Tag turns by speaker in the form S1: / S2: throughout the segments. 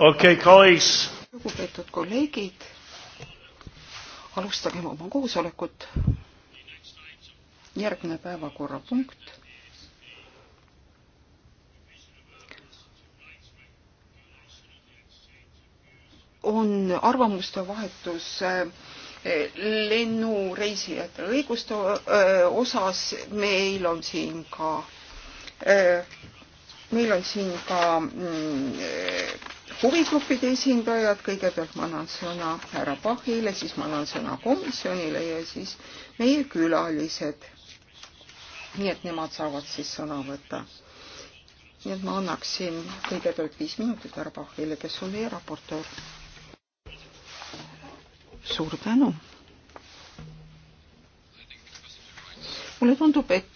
S1: okei okay,, guys. lugupeetud kolleegid, alustagem oma koosolekut. järgmine päevakorrapunkt. on arvamuste vahetus eh, lennureisijate õiguste eh, osas. meil on siin ka, eh, meil on siin ka mm, huvigruppide esindajad, kõigepealt ma annan sõna härra Pahile, siis ma annan sõna komisjonile ja siis meie külalised. nii et nemad saavad siis sõna võtta. nii et ma annaksin kõigepealt viis minutit härra Pahile, kes on meie raportöör. suur tänu. mulle tundub, et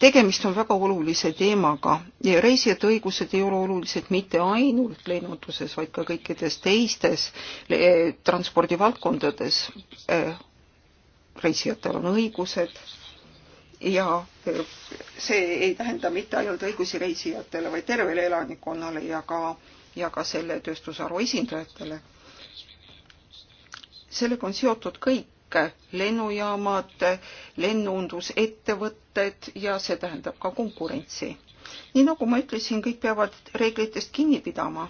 S1: tegemist on väga olulise teemaga ja reisijate õigused ei ole olulised mitte ainult lennunduses, vaid ka kõikides teistes eh, transpordivaldkondades. Eh, reisijatel on õigused ja eh, see ei tähenda mitte ainult õigusi reisijatele, vaid tervele elanikkonnale ja ka, ja ka selle tööstusharu esindajatele. sellega on seotud kõik lennujaamad, lennundusettevõtted ja see tähendab ka konkurentsi. nii nagu ma ütlesin, kõik peavad reeglitest kinni pidama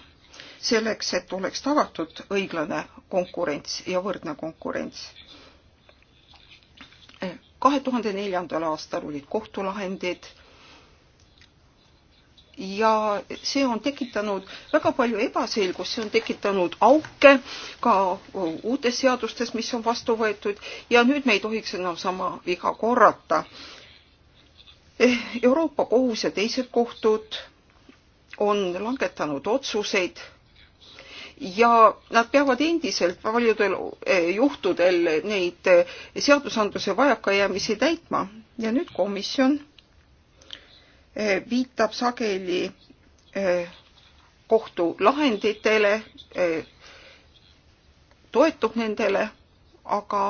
S1: selleks, et oleks tagatud õiglane konkurents ja võrdne konkurents. kahe tuhande neljandal aastal olid kohtulahendid ja see on tekitanud väga palju ebaselgust, see on tekitanud auke ka uutes seadustes, mis on vastu võetud ja nüüd me ei tohiks enam sama viga korrata. Eh, Euroopa Kohus ja teised kohtud on langetanud otsuseid ja nad peavad endiselt paljudel eh, juhtudel neid eh, seadusandluse vajakajäämisi täitma ja nüüd komisjon Eh, viitab sageli eh, kohtulahenditele, eh, toetub nendele, aga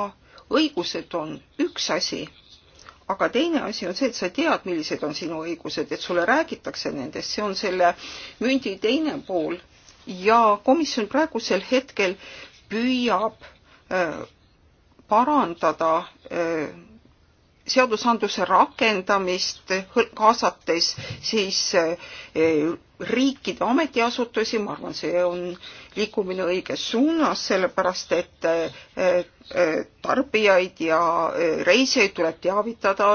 S1: õigused on üks asi, aga teine asi on see, et sa tead, millised on sinu õigused, et sulle räägitakse nendest, see on selle mündi teine pool ja komisjon praegusel hetkel püüab parandada seadusandluse rakendamist, kaasates siis eh, eh, riikide ametiasutusi, ma arvan, see on liikumine õiges suunas, sellepärast et eh, tarbijaid ja reisijaid tuleb teavitada,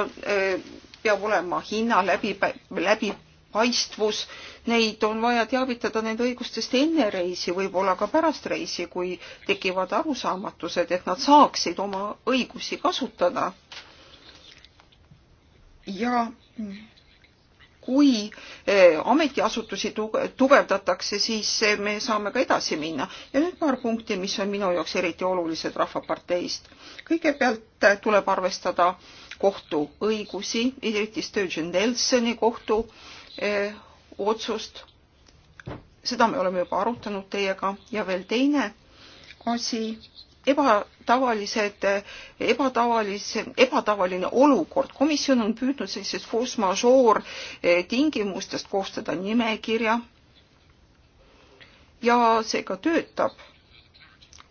S1: peab olema hinna läbi, läbipaistvus, neid on vaja teavitada nende õigustest enne reisi, võib-olla ka pärast reisi, kui tekivad arusaamatused, et nad saaksid oma õigusi kasutada ja kui eh, ametiasutusi tugevdatakse, siis eh, me saame ka edasi minna. ja nüüd paar punkti, mis on minu jaoks eriti olulised Rahvaparteist. kõigepealt eh, tuleb arvestada kohtuõigusi, eriti Sturgeon Nelsoni kohtu öö, otsust. seda me oleme juba arutanud teiega ja veel teine asi ebatavalised, ebatavalise, ebatavaline olukord. komisjon on püüdnud sellisest force majeure eh, tingimustest koostada nimekirja ja see ka töötab.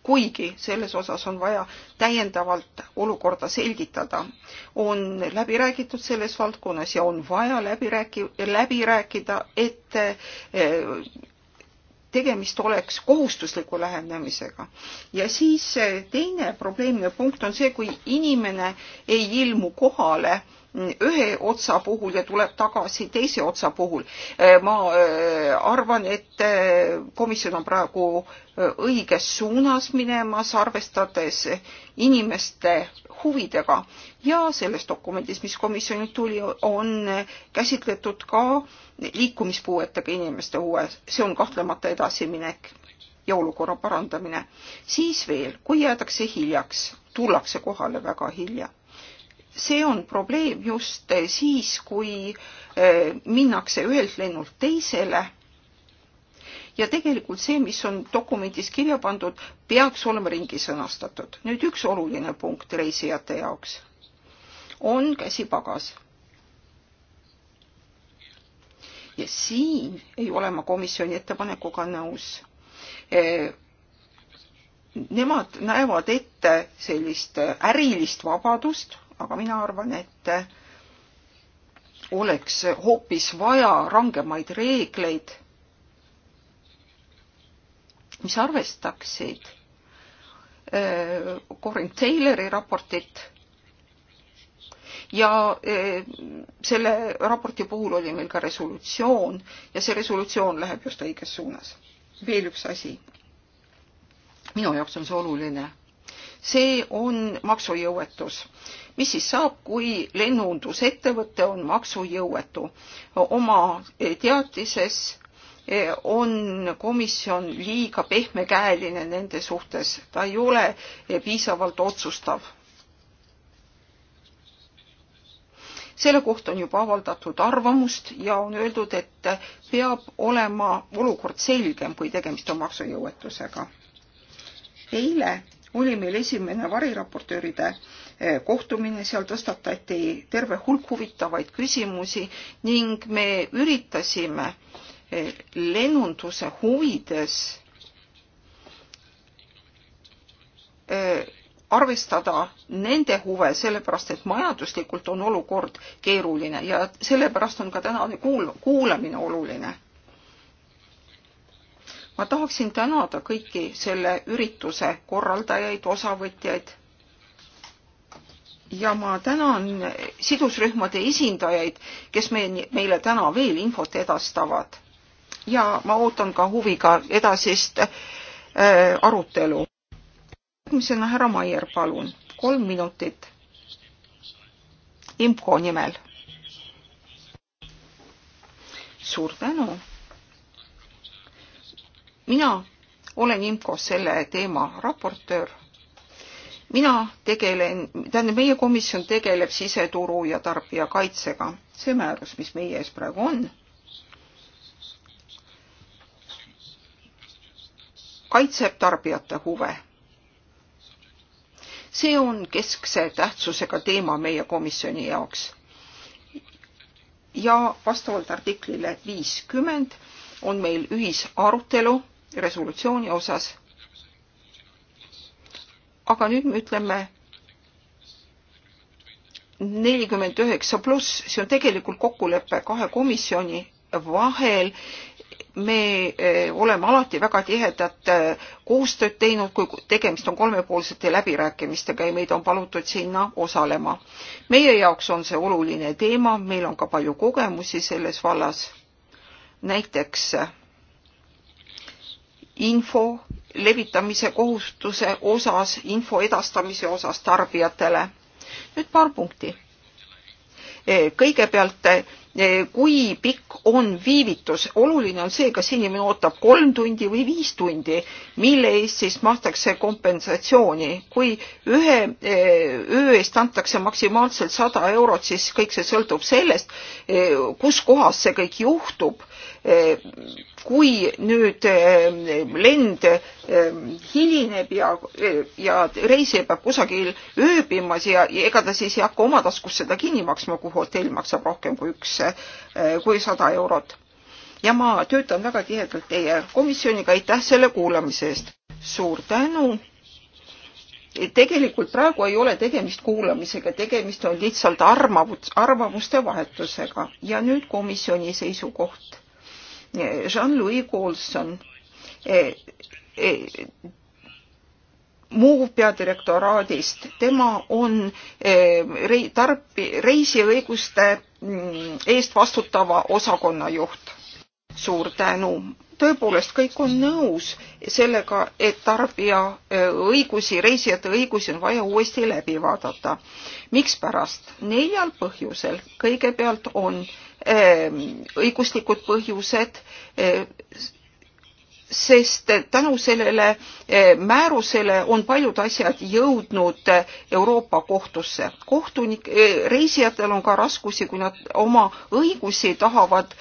S1: kuigi selles osas on vaja täiendavalt olukorda selgitada. on läbi räägitud selles valdkonnas ja on vaja läbi rääki-, läbi rääkida, et eh, tegemist oleks kohustusliku lähenemisega. ja siis teine probleemne punkt on see, kui inimene ei ilmu kohale ühe otsa puhul ja tuleb tagasi teise otsa puhul. ma äh, arvan, et äh, komisjon on praegu äh, õiges suunas minemas, arvestades inimeste huvidega ja selles dokumendis, mis komisjonilt tuli, on käsitletud ka liikumispuuetega inimeste huve, see on kahtlemata edasiminek ja olukorra parandamine. siis veel, kui jäädakse hiljaks, tullakse kohale väga hilja see on probleem just siis, kui eh, minnakse ühelt lennult teisele. ja tegelikult see, mis on dokumendis kirja pandud, peaks olema ringi sõnastatud. nüüd üks oluline punkt reisijate jaoks on käsipagas. ja siin ei ole ma komisjoni ettepanekuga nõus eh, nemad näevad ette sellist eh, ärilist vabadust aga mina arvan, et oleks hoopis vaja rangemaid reegleid, mis arvestaksid äh, Corin Taylori raportit ja äh, selle raporti puhul oli meil ka resolutsioon ja see resolutsioon läheb just õiges suunas. veel üks asi. minu jaoks on see oluline see on maksujõuetus. mis siis saab, kui lennundusettevõte on maksujõuetu? oma eh, teatises eh, on komisjon liiga pehmekäeline nende suhtes, ta ei ole eh, piisavalt otsustav. selle kohta on juba avaldatud arvamust ja on öeldud, et peab olema olukord selgem, kui tegemist on maksujõuetusega. eile oli meil esimene variraportööride eh, kohtumine, seal tõstatati terve hulk huvitavaid küsimusi ning me üritasime eh, lennunduse huvides eh, arvestada nende huve, sellepärast et majanduslikult on olukord keeruline ja sellepärast on ka tänane kuul-, kuulamine oluline ma tahaksin tänada kõiki selle ürituse korraldajaid, osavõtjaid ja ma tänan sidusrühmade esindajaid, kes me, meile täna veel infot edastavad. ja ma ootan ka huviga edasist äh, arutelu. järgmisena härra Maier, palun, kolm minutit IMCO nimel. suur tänu mina olen IMCO-s selle teema raportöör. mina tegelen, tähendab, meie komisjon tegeleb siseturu ja tarbijakaitsega. see määrus, mis meie ees praegu on, kaitseb tarbijate huve. see on keskse tähtsusega teema meie komisjoni jaoks. ja vastavalt artiklile viiskümmend on meil ühisarutelu resolutsiooni osas. aga nüüd me ütleme nelikümmend üheksa pluss, see on tegelikult kokkulepe kahe komisjoni vahel me eh, oleme alati väga tihedat eh, koostööd teinud, kui tegemist on kolmepoolsete läbirääkimistega ja meid on palutud sinna osalema. meie jaoks on see oluline teema, meil on ka palju kogemusi selles vallas. näiteks info levitamise kohustuse osas, info edastamise osas tarbijatele. nüüd paar punkti. E, kõigepealt, e, kui pikk on viivitus, oluline on see, kas inimene ootab kolm tundi või viis tundi, mille eest siis makstakse kompensatsiooni. kui ühe e, öö eest antakse maksimaalselt sada eurot, siis kõik see sõltub sellest, kus kohas see kõik juhtub kui nüüd eh, lend eh, hilineb ja, eh, ja reisija peab kusagil ööbima ja ega ta siis ei hakka oma taskust seda kinni maksma, kui hotell maksab rohkem kui üks, kui sada eurot. ja ma töötan väga tihedalt teie komisjoniga, aitäh selle kuulamise eest. suur tänu tegelikult praegu ei ole tegemist kuulamisega, tegemist on lihtsalt armavus, arvamuste vahetusega ja nüüd komisjoni seisukoht Jean-Louis Coulson eh, eh, muu peadirektoraadist, tema on eh, rei-, tarbi-, reisiõiguste mm, eest vastutava osakonna juht. suur tänu. tõepoolest, kõik on nõus sellega, et tarbija õigusi, reisijate õigusi on vaja uuesti läbi vaadata. mikspärast? neljal põhjusel. kõigepealt on Ehm, õiguslikud põhjused, ehm, sest tänu sellele ehm, määrusele on paljud asjad jõudnud eh, Euroopa kohtusse. kohtunik, eh, reisijatel on ka raskusi, kui nad oma õigusi tahavad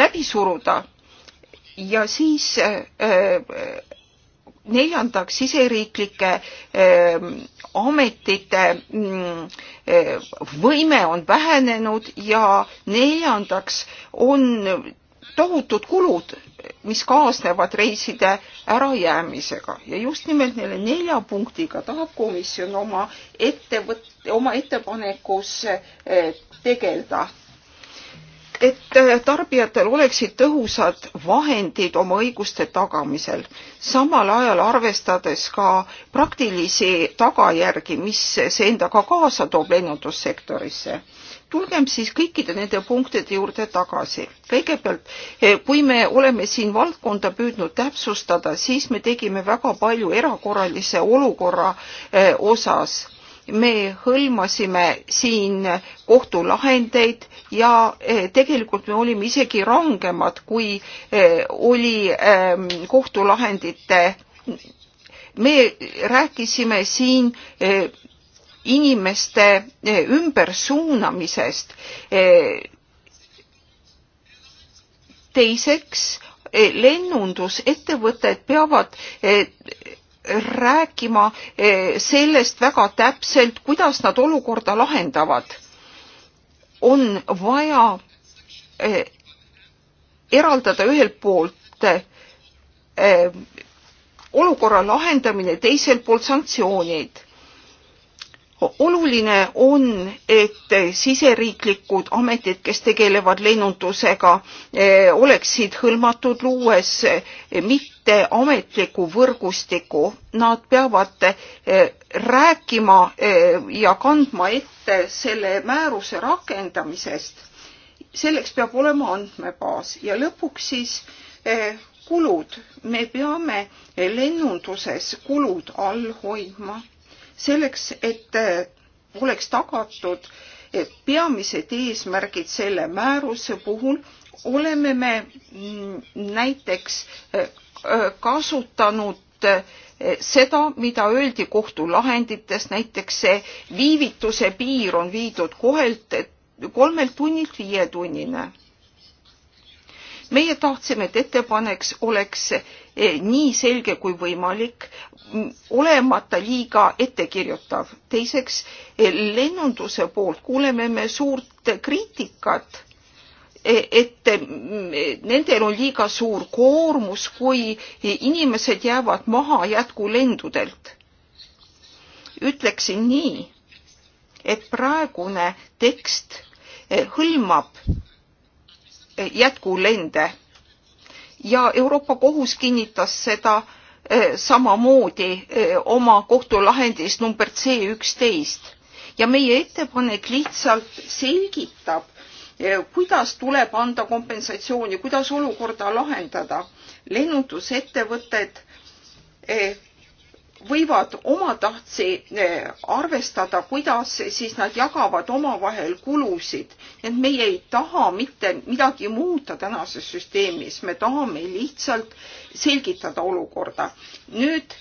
S1: läbi suruda ja siis eh, neljandaks siseriiklike ähm, ametite mm, äh, võime on vähenenud ja neljandaks on tohutud kulud, mis kaasnevad reiside ärajäämisega ja just nimelt neile nelja punktiga tahab komisjon oma ettevõtte, oma ettepanekus äh, tegeleda et äh, tarbijatel oleksid tõhusad vahendid oma õiguste tagamisel, samal ajal arvestades ka praktilisi tagajärgi, mis see endaga kaasa toob lennundussektorisse. tulgem siis kõikide nende punktide juurde tagasi. kõigepealt, eh, kui me oleme siin valdkonda püüdnud täpsustada, siis me tegime väga palju erakorralise olukorra eh, osas me hõlmasime siin kohtulahendeid ja eh, tegelikult me olime isegi rangemad, kui eh, oli ehm, kohtulahendite. me rääkisime siin eh, inimeste ümbersuunamisest. teiseks, lennundusettevõtted peavad rääkima eh, sellest väga täpselt, kuidas nad olukorda lahendavad. on vaja eh, eraldada ühelt poolt eh, olukorra lahendamine, teiselt poolt sanktsioonid oluline on, et siseriiklikud ametid, kes tegelevad lennundusega, eh, oleksid hõlmatud, luues eh, mitteametliku võrgustiku. Nad peavad eh, rääkima ja kandma ette selle määruse rakendamisest. selleks peab olema andmebaas ja lõpuks siis kulud. me peame lennunduses kulud all hoidma selleks, et äh, oleks tagatud äh, peamised eesmärgid selle määruse puhul, oleme me mm, näiteks äh, kasutanud seda, mida öeldi kohtulahendites, näiteks see viivituse piir on viidud kohelt kolmelt tunnilt viietunnine meie tahtsime, et ettepaneks oleks eh, nii selge kui võimalik, olemata liiga ettekirjutav. teiseks, eh, lennunduse poolt kuuleme me suurt kriitikat eh, et nendel on liiga suur koormus, kui inimesed jäävad maha jätkulendudelt. ütleksin nii, et praegune tekst hõlmab jätkulende. ja Euroopa Kohus kinnitas seda eh, samamoodi eh, oma kohtulahendis number C üksteist ja meie ettepanek lihtsalt selgitab, eh, kuidas tuleb anda kompensatsiooni, kuidas olukorda lahendada. lennundusettevõtted võivad omatahtsi eh, arvestada, kuidas siis nad jagavad omavahel kulusid. et meie ei taha mitte midagi muuta tänases süsteemis, me tahame lihtsalt selgitada olukorda. nüüd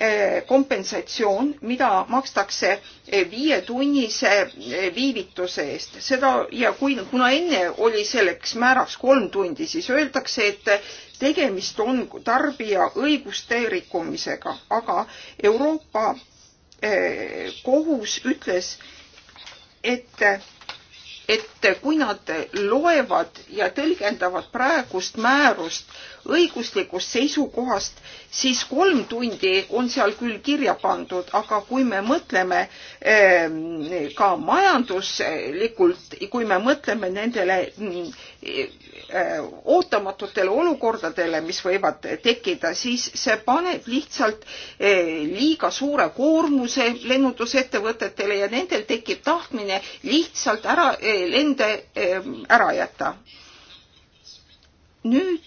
S1: eh, kompensatsioon, mida makstakse eh, viietunnise viivituse eest, seda ja kui, kuna enne oli selleks määraks kolm tundi, siis öeldakse, et tegemist on tarbija õiguste rikkumisega, aga Euroopa eh, kohus ütles, et, et kui nad loevad ja tõlgendavad praegust määrust õiguslikust seisukohast, siis kolm tundi on seal küll kirja pandud, aga kui me mõtleme ehm, ka majanduslikult, kui me mõtleme nendele mm, eh, ootamatutele olukordadele, mis võivad tekkida, siis see paneb lihtsalt eh, liiga suure koormuse lennundusettevõtetele ja nendel tekib tahtmine lihtsalt ära, eh, lende ehm, ära jätta. nüüd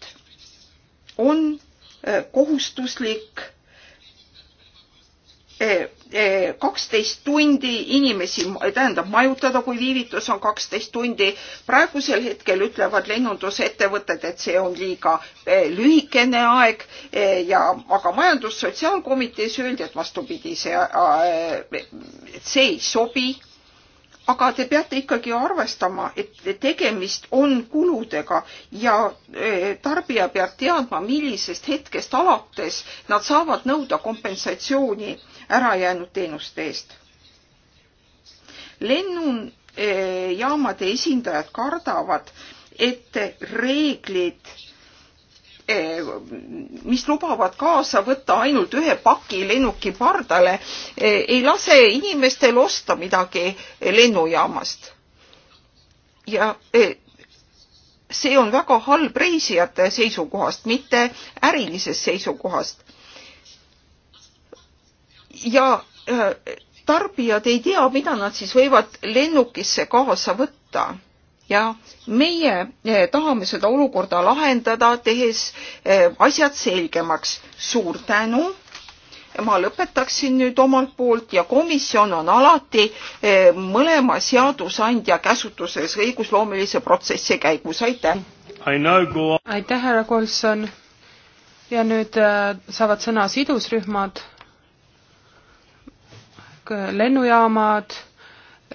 S1: on Äh, kohustuslik äh, äh, kaksteist tundi inimesi, tähendab majutada, kui viivitus on kaksteist tundi. praegusel hetkel ütlevad lennundusettevõtted, et see on liiga lühikene aeg ja, aga majandus-sotsiaalkomitees öeldi, et vastupidi, see, see ei sobi aga te peate ikkagi arvestama, et tegemist on kuludega ja e, tarbija peab teadma, millisest hetkest alates nad saavad nõuda kompensatsiooni ärajäänud teenuste eest. lennujaamade e, esindajad kardavad, et reeglid Eh, mis lubavad kaasa võtta ainult ühe paki lennuki pardale, eh, ei lase inimestel osta midagi lennujaamast. ja eh, see on väga halb reisijate seisukohast, mitte ärilisest seisukohast. ja tarbijad ei tea, mida nad siis võivad lennukisse kaasa võtta ja meie eh, tahame seda olukorda lahendada, tehes eh, asjad selgemaks. suur tänu. ma lõpetaksin nüüd omalt poolt ja komisjon on alati eh, mõlema seadusandja käsutuses õigusloomelise protsessi käigus. aitäh.
S2: aitäh, härra Kolson. ja nüüd äh, saavad sõna sidusrühmad, lennujaamad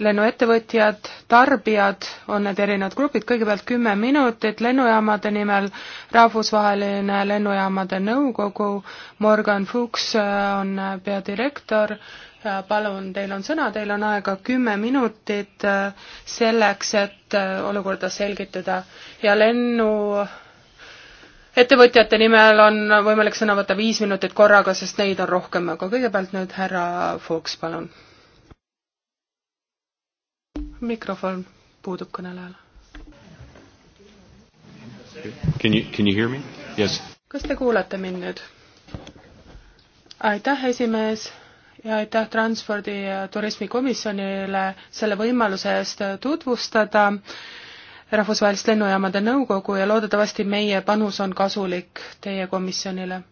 S2: lennuettevõtjad, tarbijad, on need erinevad grupid, kõigepealt kümme minutit lennujaamade nimel, Rahvusvaheline Lennujaamade Nõukogu, Morgan Fuchs äh, on äh, peadirektor, äh, palun, teil on sõna, teil on aega kümme minutit selleks, et olukorda selgitada ja lennu ettevõtjate nimel on võimalik sõna võtta viis minutit korraga, sest neid on rohkem, aga kõigepealt nüüd härra Fuchs, palun mikrofon puudub kõnelejal.
S3: Can you, can you hear me?
S2: Yes. kas te kuulete mind nüüd? aitäh, esimees ja aitäh Transpordi ja Turismikomisjonile selle võimaluse eest tutvustada Rahvusvahelist Lennujaamade Nõukogu ja loodetavasti meie panus on kasulik teie komisjonile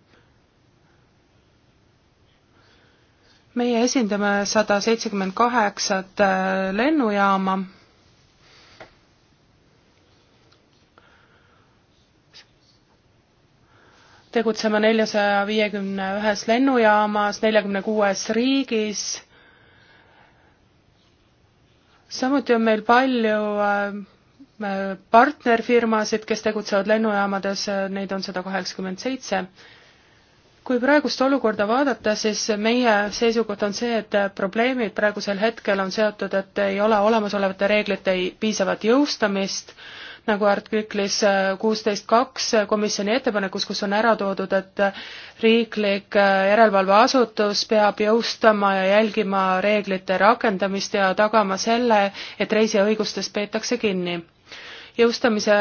S2: meie esindame sada seitsekümmend kaheksat äh, lennujaama. tegutseme neljasaja viiekümne ühes lennujaamas, neljakümne kuues riigis. samuti on meil palju äh, partnerfirmasid, kes tegutsevad lennujaamades, neid on sada kaheksakümmend seitse kui praegust olukorda vaadata, siis meie seisukoht on see, et probleemid praegusel hetkel on seotud, et ei ole olemasolevate reeglite piisavat jõustamist, nagu artiklis äh, kuusteist kaks komisjoni ettepanekus, kus on ära toodud, et riiklik äh, järelevalveasutus peab jõustama ja jälgima reeglite rakendamist ja tagama selle, et reisija õigustest peetakse kinni jõustamise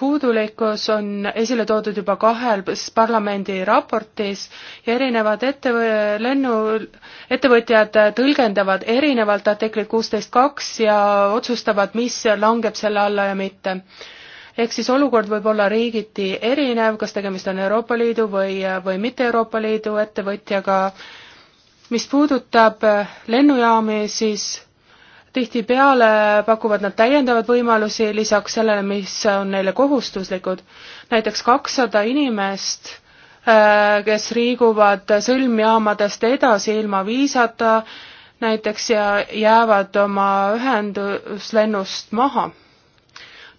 S2: puudulikkus on esile toodud juba kahel parlamendi raportis ja erinevad ette, lennu, ettevõtjad tõlgendavad erinevalt artiklit kuusteist kaks ja otsustavad, mis langeb selle alla ja mitte ehk siis olukord võib olla riigiti erinev, kas tegemist on Euroopa Liidu või, või mitte Euroopa Liidu ettevõtjaga. mis puudutab lennujaami, siis tihtipeale pakuvad nad täiendavaid võimalusi lisaks sellele, mis on neile kohustuslikud. näiteks kakssada inimest, äh, kes liiguvad sõlmjaamadest edasi ilma viisata näiteks ja jäävad oma ühenduslennust maha.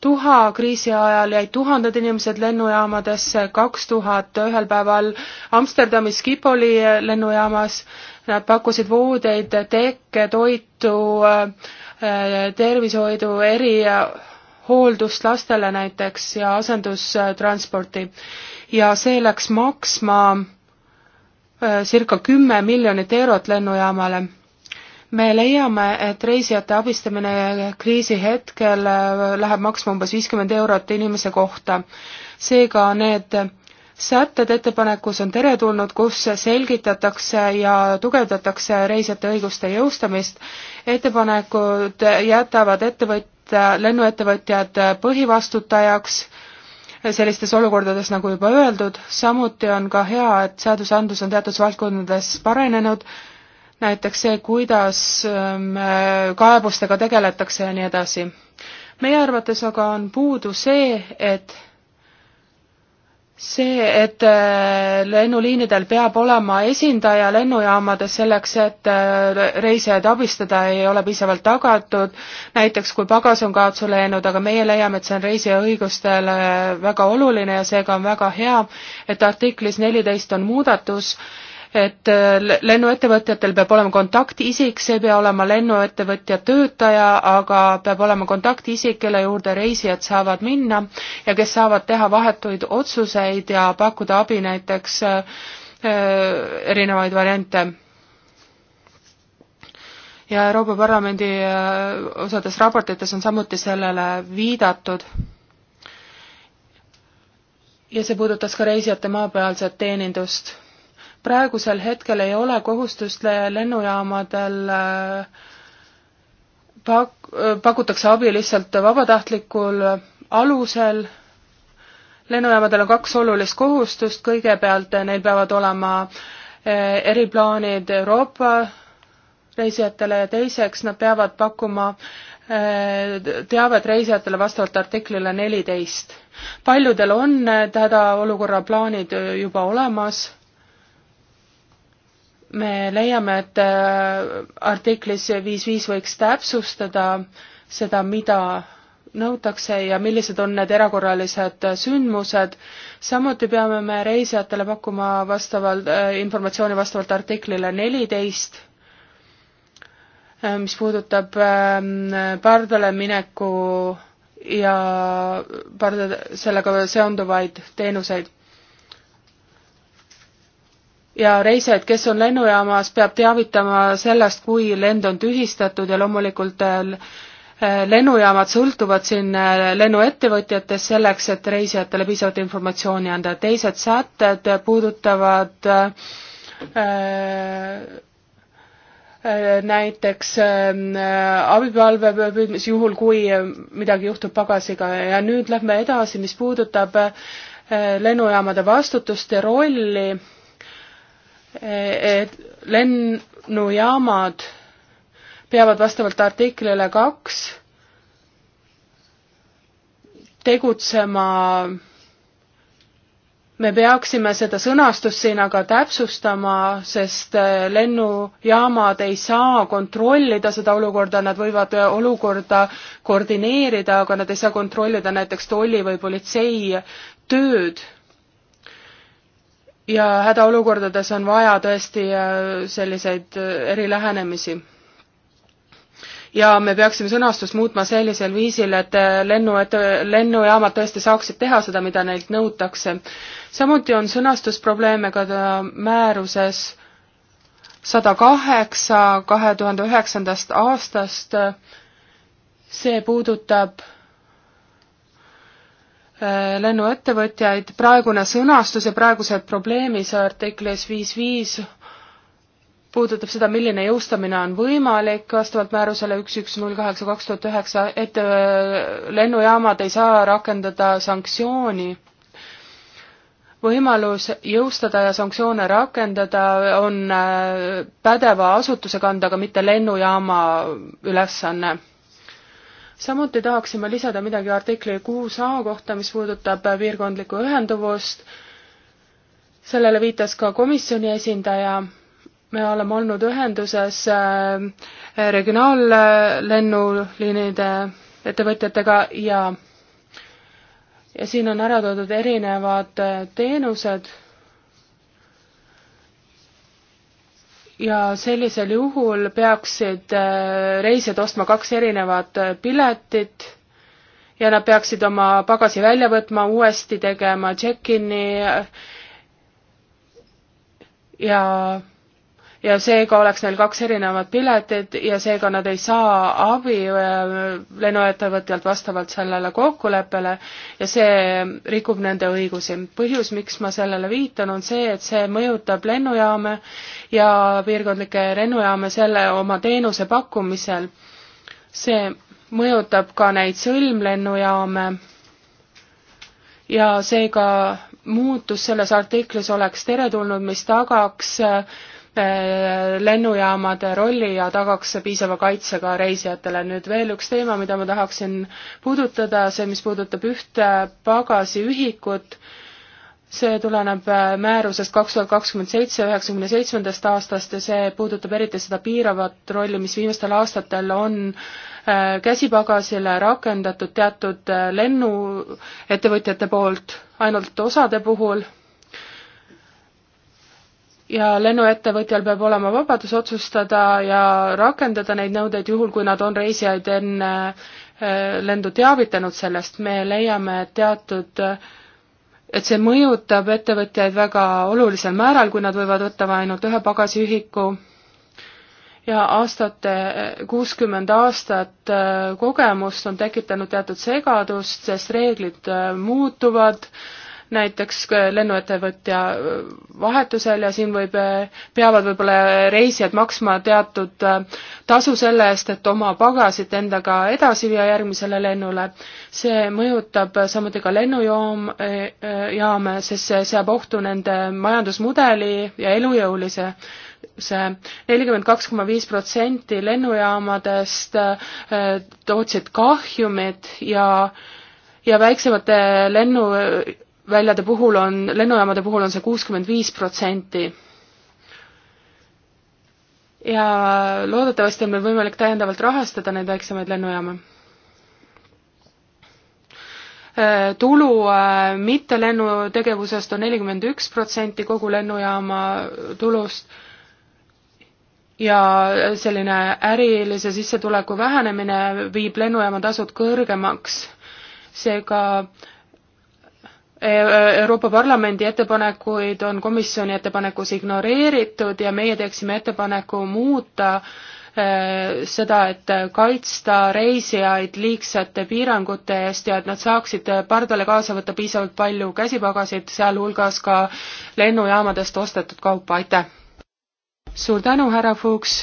S2: Tuha kriisi ajal jäid tuhanded inimesed lennujaamadesse, kaks tuhat ühel päeval Amsterdamis Skipoli lennujaamas Nad pakkusid voodeid, tekke, toitu, äh, tervishoidu, erihooldust äh, lastele näiteks ja asendustransporti. ja see läks maksma äh, circa kümme miljonit eurot lennujaamale me leiame, et reisijate abistamine kriisi hetkel läheb maksma umbes viiskümmend eurot inimese kohta. seega need sätted ettepanekus on teretulnud, kus selgitatakse ja tugevdatakse reisijate õiguste jõustamist. ettepanekud jätavad ettevõtja, lennuettevõtjad põhivastutajaks sellistes olukordades, nagu juba öeldud, samuti on ka hea, et seadusandlus on teatud valdkondades parenenud, näiteks see, kuidas ähm, kaebustega tegeletakse ja nii edasi. meie arvates aga on puudu see, et see, et äh, lennuliinidel peab olema esindaja lennujaamades selleks, et äh, reisijaid abistada, ei ole piisavalt tagatud, näiteks kui pagas on kaotsi läinud, aga meie leiame, et see on reisija õigustele väga oluline ja seega on väga hea, et artiklis neliteist on muudatus, et äh, lennuettevõtjatel peab olema kontaktisik, see ei pea olema lennuettevõtja töötaja, aga peab olema kontaktisik, kelle juurde reisijad saavad minna ja kes saavad teha vahetuid otsuseid ja pakkuda abi näiteks äh, äh, erinevaid variante ja Euroopa Parlamendi osades raportites on samuti sellele viidatud. ja see puudutas ka reisijate maapealset teenindust praegusel hetkel ei ole kohustust lennujaamadel äh, pak-, äh, pakutakse abi lihtsalt vabatahtlikul alusel, lennujaamadel on kaks olulist kohustust, kõigepealt äh, neil peavad olema eriplaanid Euroopa reisijatele ja teiseks nad peavad pakkuma teavet reisijatele vastavalt artiklile neliteist. paljudel on hädaolukorra plaanid juba olemas me leiame, et äh, artiklis viis viis võiks täpsustada seda, mida nõutakse ja millised on need erakorralised sündmused. samuti peame me reisijatele pakkuma vastavalt, äh, informatsiooni vastavalt artiklile neliteist, äh, mis puudutab ähm, pardale mineku ja parda, sellega seonduvaid teenuseid ja reisijaid, kes on lennujaamas, peab teavitama sellest, kui lend on tühistatud ja loomulikult äh, äh, lennujaamad sõltuvad siin äh, lennuettevõtjatest selleks, et reisijatele piisavalt informatsiooni anda. teised sätted puudutavad näiteks abipalve püüdmise juhul, kui midagi juhtub pagasiga ja nüüd lähme edasi, mis puudutab lennujaamade vastutust ja rolli et lennujaamad peavad vastavalt artiklile kaks tegutsema, me peaksime seda sõnastust siin aga täpsustama, sest lennujaamad ei saa kontrollida seda olukorda, nad võivad olukorda koordineerida, aga nad ei saa kontrollida näiteks tolli või politsei tööd ja hädaolukordades on vaja tõesti äh, selliseid äh, erilähenemisi. ja me peaksime sõnastust muutma sellisel viisil, et äh, lennu, et lennujaamad tõesti saaksid teha seda, mida neilt nõutakse. samuti on sõnastusprobleeme ka määruses sada kaheksa kahe tuhande üheksandast aastast, see puudutab Äh, lennuettevõtjaid, praegune sõnastus ja praegused probleemis artiklis viis viis puudutab seda, milline jõustamine on võimalik vastavalt määrusele üks, üks, null kaheksa, kaks tuhat üheksa, et äh, lennujaamad ei saa rakendada sanktsiooni. võimalus jõustada ja sanktsioone rakendada on äh, pädeva asutuse kanda, aga mitte lennujaama ülesanne samuti tahaksime lisada midagi artikli kuus A kohta, mis puudutab piirkondlikku ühenduvust. sellele viitas ka komisjoni esindaja. me oleme olnud ühenduses äh, regionaallennuliinide ettevõtjatega ja ja siin on ära toodud erinevad äh, teenused ja sellisel juhul peaksid äh, reisijad ostma kaks erinevat äh, piletit ja nad peaksid oma pagasi välja võtma, uuesti tegema check-in'i äh, ja ja seega oleks neil kaks erinevat piletit ja seega nad ei saa abi äh, lennuettevõtjalt vastavalt sellele kokkuleppele ja see rikub nende õigusi. põhjus, miks ma sellele viitan, on see, et see mõjutab lennujaame ja piirkondlikke lennujaame selle oma teenuse pakkumisel. see mõjutab ka neid sõlmlennujaame ja seega muutus selles artiklis oleks teretulnud, mis tagaks äh, Äh, lennujaamade rolli ja tagaks piisava kaitse ka reisijatele. nüüd veel üks teema, mida ma tahaksin puudutada, see, mis puudutab ühte pagasiühikut, see tuleneb äh, määrusest kaks tuhat kakskümmend seitse üheksakümne seitsmendast aastast ja see puudutab eriti seda piiravat rolli, mis viimastel aastatel on äh, käsipagasile rakendatud teatud lennuettevõtjate poolt ainult osade puhul ja lennuettevõtjal peab olema vabadus otsustada ja rakendada neid nõudeid, juhul kui nad on reisijaid enne äh, lendu teavitanud sellest, me leiame, et teatud, et see mõjutab ettevõtjaid väga olulisel määral, kui nad võivad võtta ainult ühe pagasiühiku ja aastate, kuuskümmend aastat äh, kogemust on tekitanud teatud segadust, sest reeglid äh, muutuvad, näiteks lennuettevõtja vahetusel ja siin võib, peavad võib-olla reisijad maksma teatud äh, tasu selle eest, et oma pagasit endaga edasi viia järgmisele lennule. see mõjutab samuti ka lennujaam, äh, äh, jaame, sest see seab ohtu nende majandusmudeli ja elujõulise see nelikümmend kaks koma viis protsenti lennujaamadest tootsid kahjumit ja ja väiksemate lennu väljade puhul on, lennujaamade puhul on see kuuskümmend viis protsenti. ja loodetavasti on meil võimalik täiendavalt rahastada neid väiksemaid lennujaama. Äh, tulu äh, mittelennutegevusest on nelikümmend üks protsenti kogu lennujaama tulust ja selline ärilise sissetuleku vähenemine viib lennujaama tasud kõrgemaks. seega Euroopa Parlamendi ettepanekuid on komisjoni ettepanekus ignoreeritud ja meie teeksime ettepaneku muuta äh, seda, et kaitsta reisijaid liigsete piirangute eest ja et nad saaksid pardale kaasa võtta piisavalt palju käsipagasid, sealhulgas ka lennujaamadest ostetud kaupa, aitäh! suur tänu, härra Fuchs!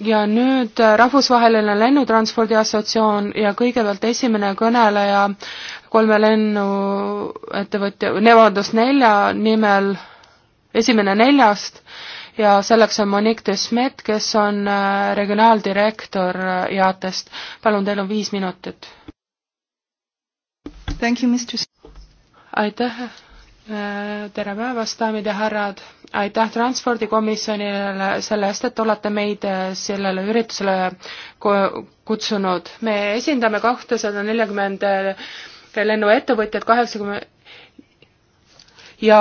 S2: ja nüüd äh, Rahvusvaheline Lennutranspordi Assotsioon ja kõigepealt esimene kõneleja kolme lennuettevõtja, vabandust, nelja nimel, esimene neljast ja selleks on Monique de Smet, kes on äh, regionaaldirektor äh, IATest. palun, teil on viis minutit. aitäh tere päevast, daamid ja härrad! aitäh Transpordikomisjonile selle eest, et olete meid sellele üritusele kutsunud. me esindame kahtesada neljakümmend lennuettevõtjat, kaheksakümmend ja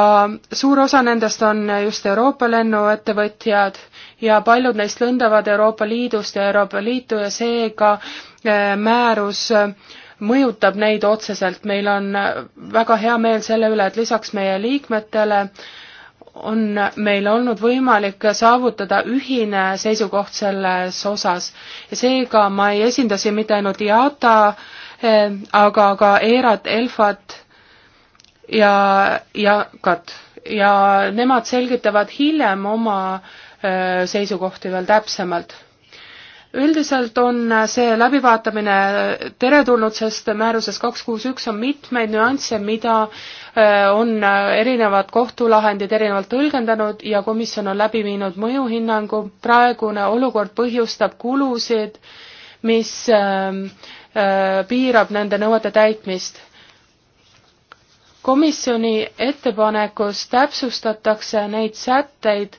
S2: suur osa nendest on just Euroopa lennuettevõtjad ja paljud neist lõndavad Euroopa Liidust ja Euroopa Liitu ja seega eh, määrus äh, mõjutab neid otseselt, meil on väga hea meel selle üle, et lisaks meie liikmetele on meil olnud võimalik saavutada ühine seisukoht selles osas ja seega ma ei esinda siin mitte ainult IATA, eh, aga ka ERA-t, ELFA-t ja, ja KAT ja nemad selgitavad hiljem oma eh, seisukohti veel täpsemalt üldiselt on see läbivaatamine teretulnud, sest määruses kaks kuus üks on mitmeid nüansse, mida äh, on äh, erinevad kohtulahendid erinevalt tõlgendanud ja komisjon on läbi viinud mõjuhinnangu. praegune olukord põhjustab kulusid, mis ähm, äh, piirab nende nõuete täitmist. komisjoni ettepanekus täpsustatakse neid sätteid,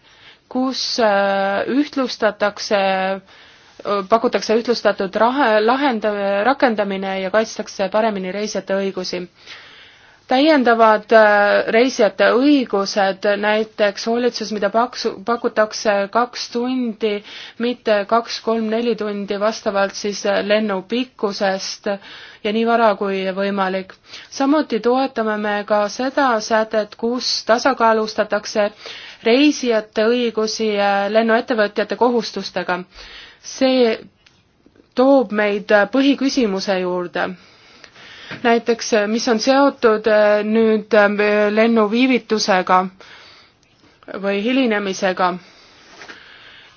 S2: kus ühtlustatakse äh, pakutakse ühtlustatud rahe, lahenda-, rakendamine ja kaitstakse paremini reisijate õigusi. täiendavad äh, reisijate õigused, näiteks hoolitsus, mida paks-, pakutakse kaks tundi, mitte kaks-kolm-neli tundi, vastavalt siis äh, lennu pikkusest ja nii vara kui võimalik. samuti toetame me ka seda sätet, kus tasakaalustatakse reisijate õigusi äh, lennuettevõtjate kohustustega see toob meid põhiküsimuse juurde. näiteks, mis on seotud äh, nüüd äh, lennuviivitusega või hilinemisega.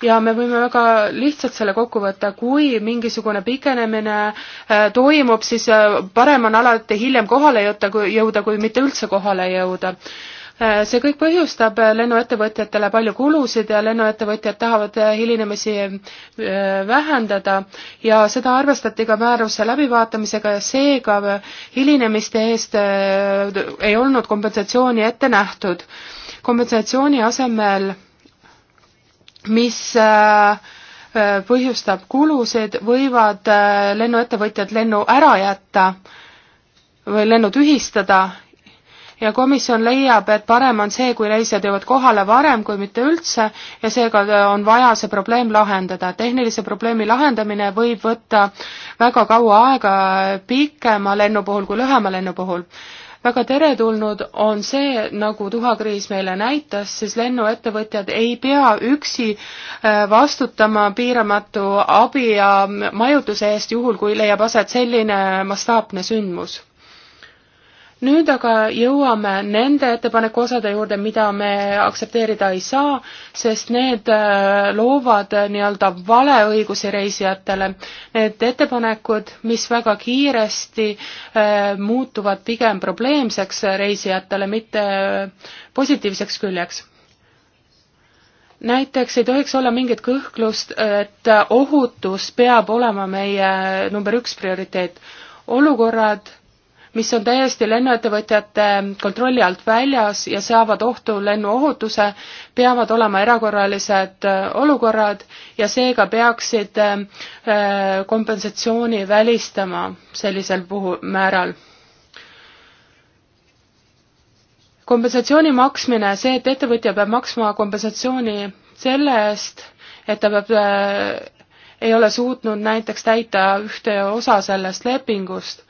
S2: ja me võime väga lihtsalt selle kokku võtta, kui mingisugune pikenemine äh, toimub, siis parem on alati hiljem kohale jõuda, jõuda kui mitte üldse kohale jõuda. Äh, see kõik põhjustab äh, lennuettevõtjatele palju kulusid ja lennuettevõtjad tahavad äh, hilinemisi vähendada ja seda arvestati ka määruse läbivaatamisega ja seega hilinemiste eest ei olnud kompensatsiooni ette nähtud. kompensatsiooni asemel, mis põhjustab kulusid, võivad lennuettevõtjad lennu ära jätta või lennu tühistada ja komisjon leiab, et parem on see, kui reisijad jõuavad kohale varem kui mitte üldse ja seega on vaja see probleem lahendada. tehnilise probleemi lahendamine võib võtta väga kaua aega pikema lennu puhul kui lühema lennu puhul väga teretulnud on see, nagu tuhakriis meile näitas, siis lennuettevõtjad ei pea üksi äh, vastutama piiramatu abi ja majutuse eest, juhul kui leiab aset selline mastaapne sündmus nüüd aga jõuame nende ettepaneku osade juurde, mida me aktsepteerida ei saa, sest need äh, loovad äh, nii-öelda valeõigusi reisijatele. Need ettepanekud, mis väga kiiresti äh, muutuvad pigem probleemseks reisijatele, mitte positiivseks küljeks näiteks ei tohiks olla mingit kõhklust, et ohutus peab olema meie number üks prioriteet. olukorrad mis on täiesti lennuettevõtjate kontrolli alt väljas ja seavad ohtu lennuohutuse, peavad olema erakorralised äh, olukorrad ja seega peaksid äh, äh, kompensatsiooni välistama sellisel puhul määral kompensatsiooni maksmine, see, et ettevõtja peab maksma kompensatsiooni selle eest, et ta peab äh,, ei ole suutnud näiteks täita ühte osa sellest lepingust,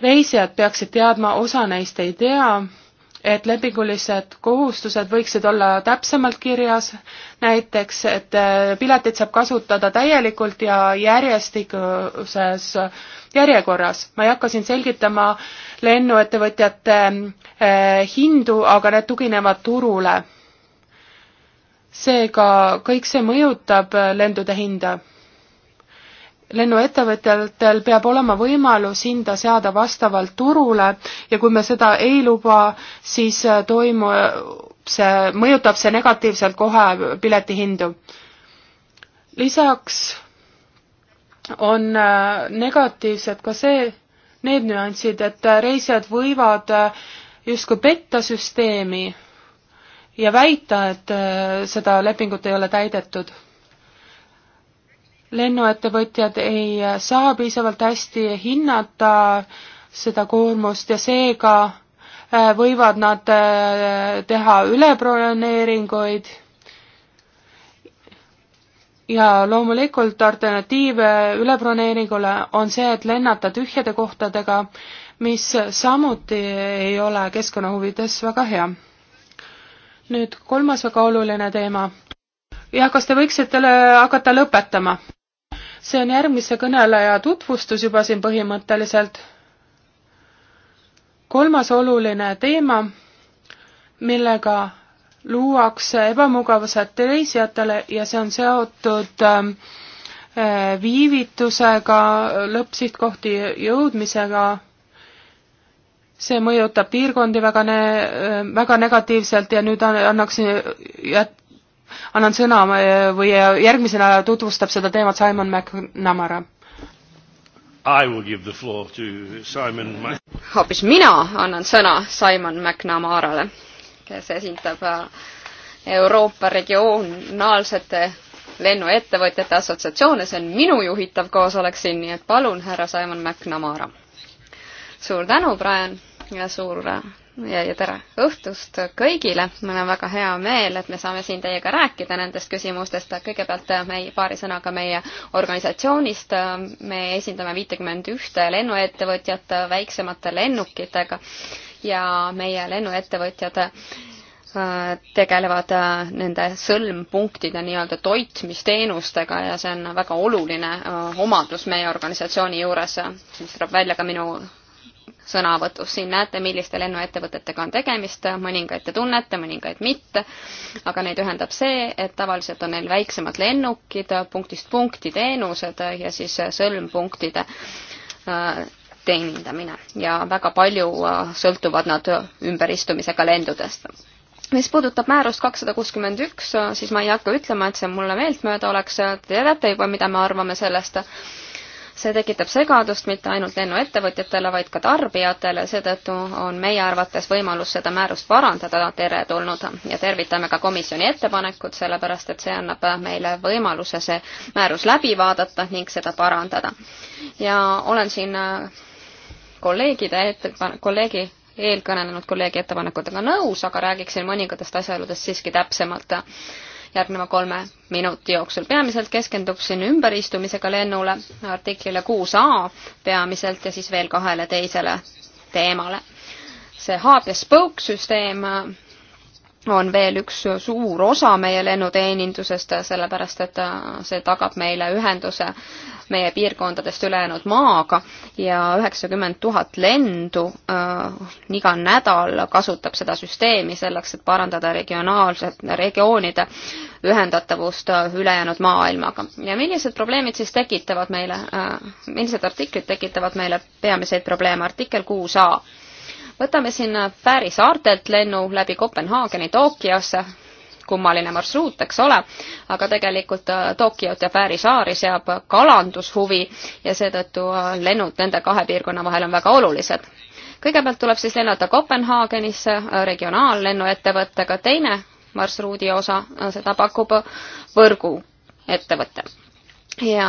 S2: reisijad peaksid teadma, osa neist ei tea, et lepingulised kohustused võiksid olla täpsemalt kirjas, näiteks et äh, piletit saab kasutada täielikult ja järjestikuses äh, järjekorras. ma ei hakka siin selgitama lennuettevõtjate äh, hindu, aga need tuginevad turule. seega kõik see mõjutab lendude hinda lennuettevõtjatel peab olema võimalus hinda seada vastavalt turule ja kui me seda ei luba, siis toimu-, see, mõjutab see negatiivselt kohe piletihindu. lisaks on äh, negatiivsed ka see, need nüansid, et reisijad võivad äh, justkui petta süsteemi ja väita, et äh, seda lepingut ei ole täidetud lennuettevõtjad ei saa piisavalt hästi hinnata seda koormust ja seega äh, võivad nad äh, teha üleproneeringuid ja loomulikult alternatiiv äh, üleproneeringule on see, et lennata tühjade kohtadega, mis samuti ei ole keskkonna huvides väga hea. nüüd kolmas väga oluline teema. jah, kas te võiksite hakata lõpetama? see on järgmise kõneleja tutvustus juba siin põhimõtteliselt. kolmas oluline teema, millega luuakse ebamugavused reisijatele ja see on seotud ähm, äh, viivitusega, lõppsihtkohti jõudmisega. see mõjutab piirkondi väga ne-, äh, väga negatiivselt ja nüüd annaks jät-, annan sõna või
S4: järgmisena tutvustab seda teemat Simon McNamara.
S3: I will give the floor to Simon Mc-.
S4: hoopis mina annan sõna Simon McNamarale, kes esindab äh, Euroopa regionaalsete lennuettevõtjate assotsiatsioone, see on minu juhitav koosolek siin, nii et palun, härra Simon McNamara. suur tänu, Brian, ja suur äh, ja, ja tere õhtust kõigile. mul on väga hea meel, et me saame siin teiega rääkida nendest küsimustest. kõigepealt äh, meie paari sõnaga meie organisatsioonist. Äh, me esindame viitekümmet ühte lennuettevõtjat äh, väiksemate lennukitega ja meie lennuettevõtjad tegelevad nende sõlmpunktide nii-öelda toitmisteenustega ja see on väga oluline omadus meie organisatsiooni juures, mis tuleb välja ka minu sõnavõtus. siin näete, milliste lennuettevõtetega on tegemist, mõningaid te tunnete, mõningaid mitte, aga neid ühendab see, et tavaliselt on neil väiksemad lennukid, punktist punkti teenused ja siis sõlmpunktide äh, teenindamine ja väga palju äh, sõltuvad nad ümberistumisega lendudest mis puudutab määrust kakssada kuuskümmend üks, siis ma ei hakka ütlema, et see mulle meeltmööda oleks, te teate juba, mida me arvame sellest see tekitab segadust mitte ainult lennuettevõtjatele, vaid ka tarbijatele, seetõttu on meie arvates võimalus seda määrust parandada teretulnud ja tervitame ka komisjoni ettepanekut, sellepärast et see annab meile võimaluse see määrus läbi vaadata ning seda parandada. ja olen siin äh, kolleegide ette, kolleegi eelkõnelenud kolleegi ettepanekutega nõus, aga räägiksin mõningatest asjaoludest siiski täpsemalt järgneva kolme minuti jooksul. peamiselt keskenduksin ümberistumisega lennule, artiklile kuus A peamiselt ja siis veel kahele teisele teemale. see hub ja spoke süsteem on veel üks suur osa meie lennuteenindusest, sellepärast et see tagab meile ühenduse meie piirkondadest ülejäänud maaga ja üheksakümmend tuhat lendu äh, iga nädal kasutab seda süsteemi selleks, et parandada regionaalset, regioonide ühendatavust äh, ülejäänud maailmaga. ja millised probleemid siis tekitavad meile äh,, millised artiklid tekitavad meile peamiseid probleeme, artikkel kuus A võtame sinna Fääri saartelt lennu läbi Kopenhaageni Tokyosse, kummaline marsruut, eks ole, aga tegelikult äh, Tokyot ja Pääri saari seab kalandushuvi ja seetõttu äh, lennud nende kahe piirkonna vahel on väga olulised. kõigepealt tuleb siis lennata Kopenhaagenisse äh, regionaallennuettevõttega, teine marsruudi osa, seda pakub võrguettevõte. ja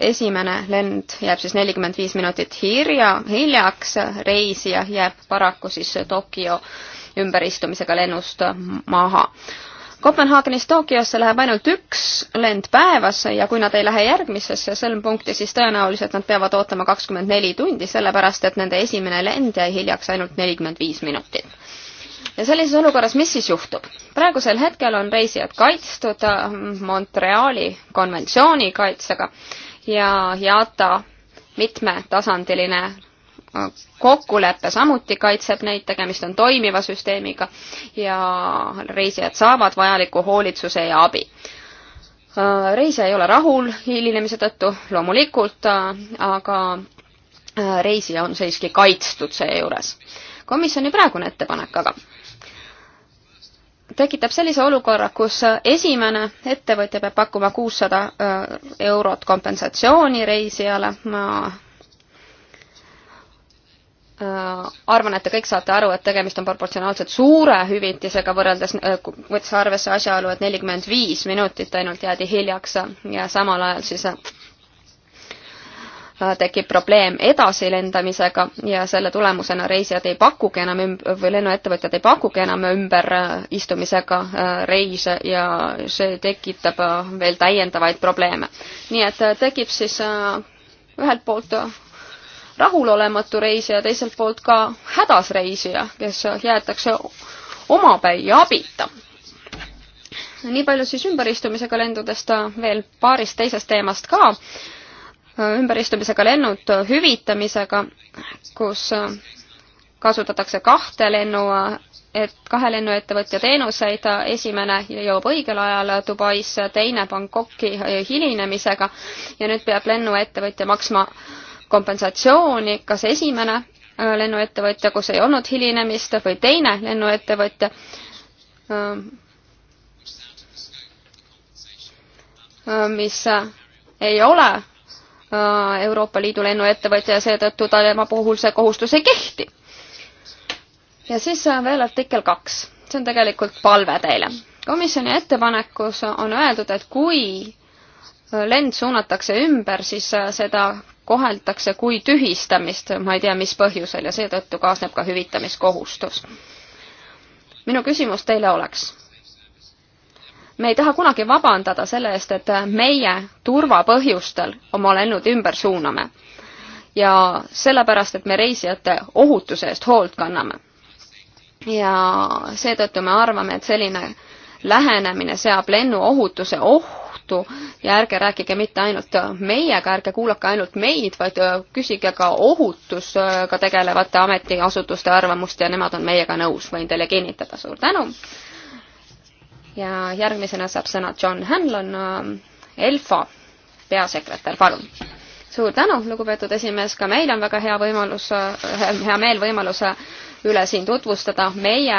S4: esimene lend jääb siis nelikümmend viis minutit hilja, hiljaks, reisija jääb paraku siis Tokyo ümberistumisega lennust maha. Kopenhaagenist Tokyosse läheb ainult üks lend päevas ja kui nad ei lähe järgmisesse sõlmpunkti, siis tõenäoliselt nad peavad ootama kakskümmend neli tundi, sellepärast et nende esimene lend jäi hiljaks ainult nelikümmend viis minutit. ja sellises olukorras, mis siis juhtub? praegusel hetkel on reisijad kaitstud äh, Montreali konventsiooni kaitsega ja IATA mitmetasandiline kokkulepe samuti kaitseb neid, tegemist on toimiva süsteemiga ja reisijad saavad vajaliku hoolitsuse ja abi. Äh, reisija ei ole rahul hilinemise tõttu loomulikult, äh, aga äh, reisija on siiski kaitstud seejuures. komisjoni praegune ettepanek aga tekitab sellise olukorra, kus esimene ettevõtja peab pakkuma kuussada eurot kompensatsiooni reisijale, ma Äh, arvan, et te kõik saate aru, et tegemist on proportsionaalselt suure hüvitisega võrreldes, äh, võttes arvesse asjaolu, et nelikümmend viis minutit ainult jäädi hiljaks ja samal ajal siis äh, tekib probleem edasilendamisega ja selle tulemusena reisijad ei pakugi enam ümb- või lennuettevõtjad ei pakugi enam ümberistumisega reise ja see tekitab veel täiendavaid probleeme. nii et tekib siis ühelt poolt rahulolematu reisija, teiselt poolt ka hädas reisija, kes jäetakse omapäi ja abita. nii palju siis ümberistumisega lendudest, äh, veel paarist teisest teemast ka. Äh, ümberistumisega lennud hüvitamisega, kus äh, kasutatakse kahte lennu, et kahe lennuettevõtja teenuseid, esimene jõuab õigel ajal Dubaisse, teine Bangkoki hilinemisega ja nüüd peab lennuettevõtja maksma äh, kompensatsiooni, kas esimene äh, lennuettevõtja, kus ei olnud hilinemist, või teine lennuettevõtja, ähm, äh, mis äh, ei ole Euroopa Liidu lennuettevõtja ja seetõttu tema puhul see kohustus ei kehti. ja siis veel artikkel kaks, see on tegelikult palve teile. komisjoni ettepanekus on öeldud, et kui lend suunatakse ümber, siis seda koheldakse kui tühistamist, ma ei tea, mis põhjusel, ja seetõttu kaasneb ka hüvitamiskohustus. minu küsimus teile oleks. me ei taha kunagi vabandada selle eest, et meie turvapõhjustel oma lennud ümber suuname. ja sellepärast, et me reisijate ohutuse eest hoolt kanname. ja seetõttu me arvame, et selline lähenemine seab lennuohutuse ohtu ohtu ja ärge rääkige mitte ainult meiega, ärge kuulake ainult meid, vaid äh, küsige ka ohutusega tegelevate ametiasutuste arvamust ja nemad on meiega nõus, võin teile kinnitada, suur tänu. ja järgmisena saab sõna John Hanlon, äh, Elfa peasekretär, palun suur tänu, lugupeetud esimees, ka meil on väga hea võimalus, äh, hea meel võimaluse üle siin tutvustada meie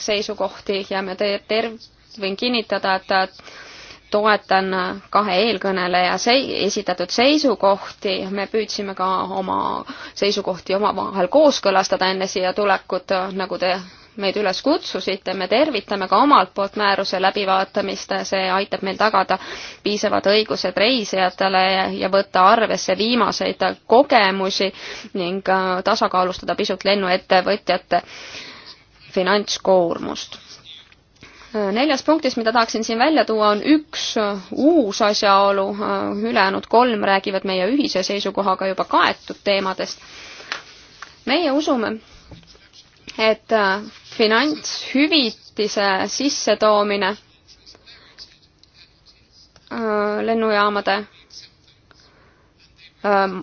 S4: seisukohti ja me ter-, võin kinnitada, et toetan kahe eelkõneleja sei-, esitatud seisukohti, me püüdsime ka oma seisukohti omavahel kooskõlastada enne siia tulekut, nagu te meid üles kutsusite, me tervitame ka omalt poolt määruse läbivaatamist, see aitab meil tagada piisavad õigused reisijatele ja võtta arvesse viimaseid kogemusi ning äh, tasakaalustada pisut lennuettevõtjate finantskoormust neljas punktis, mida tahaksin siin välja tuua, on üks uus asjaolu, ülejäänud kolm räägivad meie ühise seisukohaga juba kaetud teemadest. meie usume, et finantshüvitise sissetoomine äh, lennujaamade äh,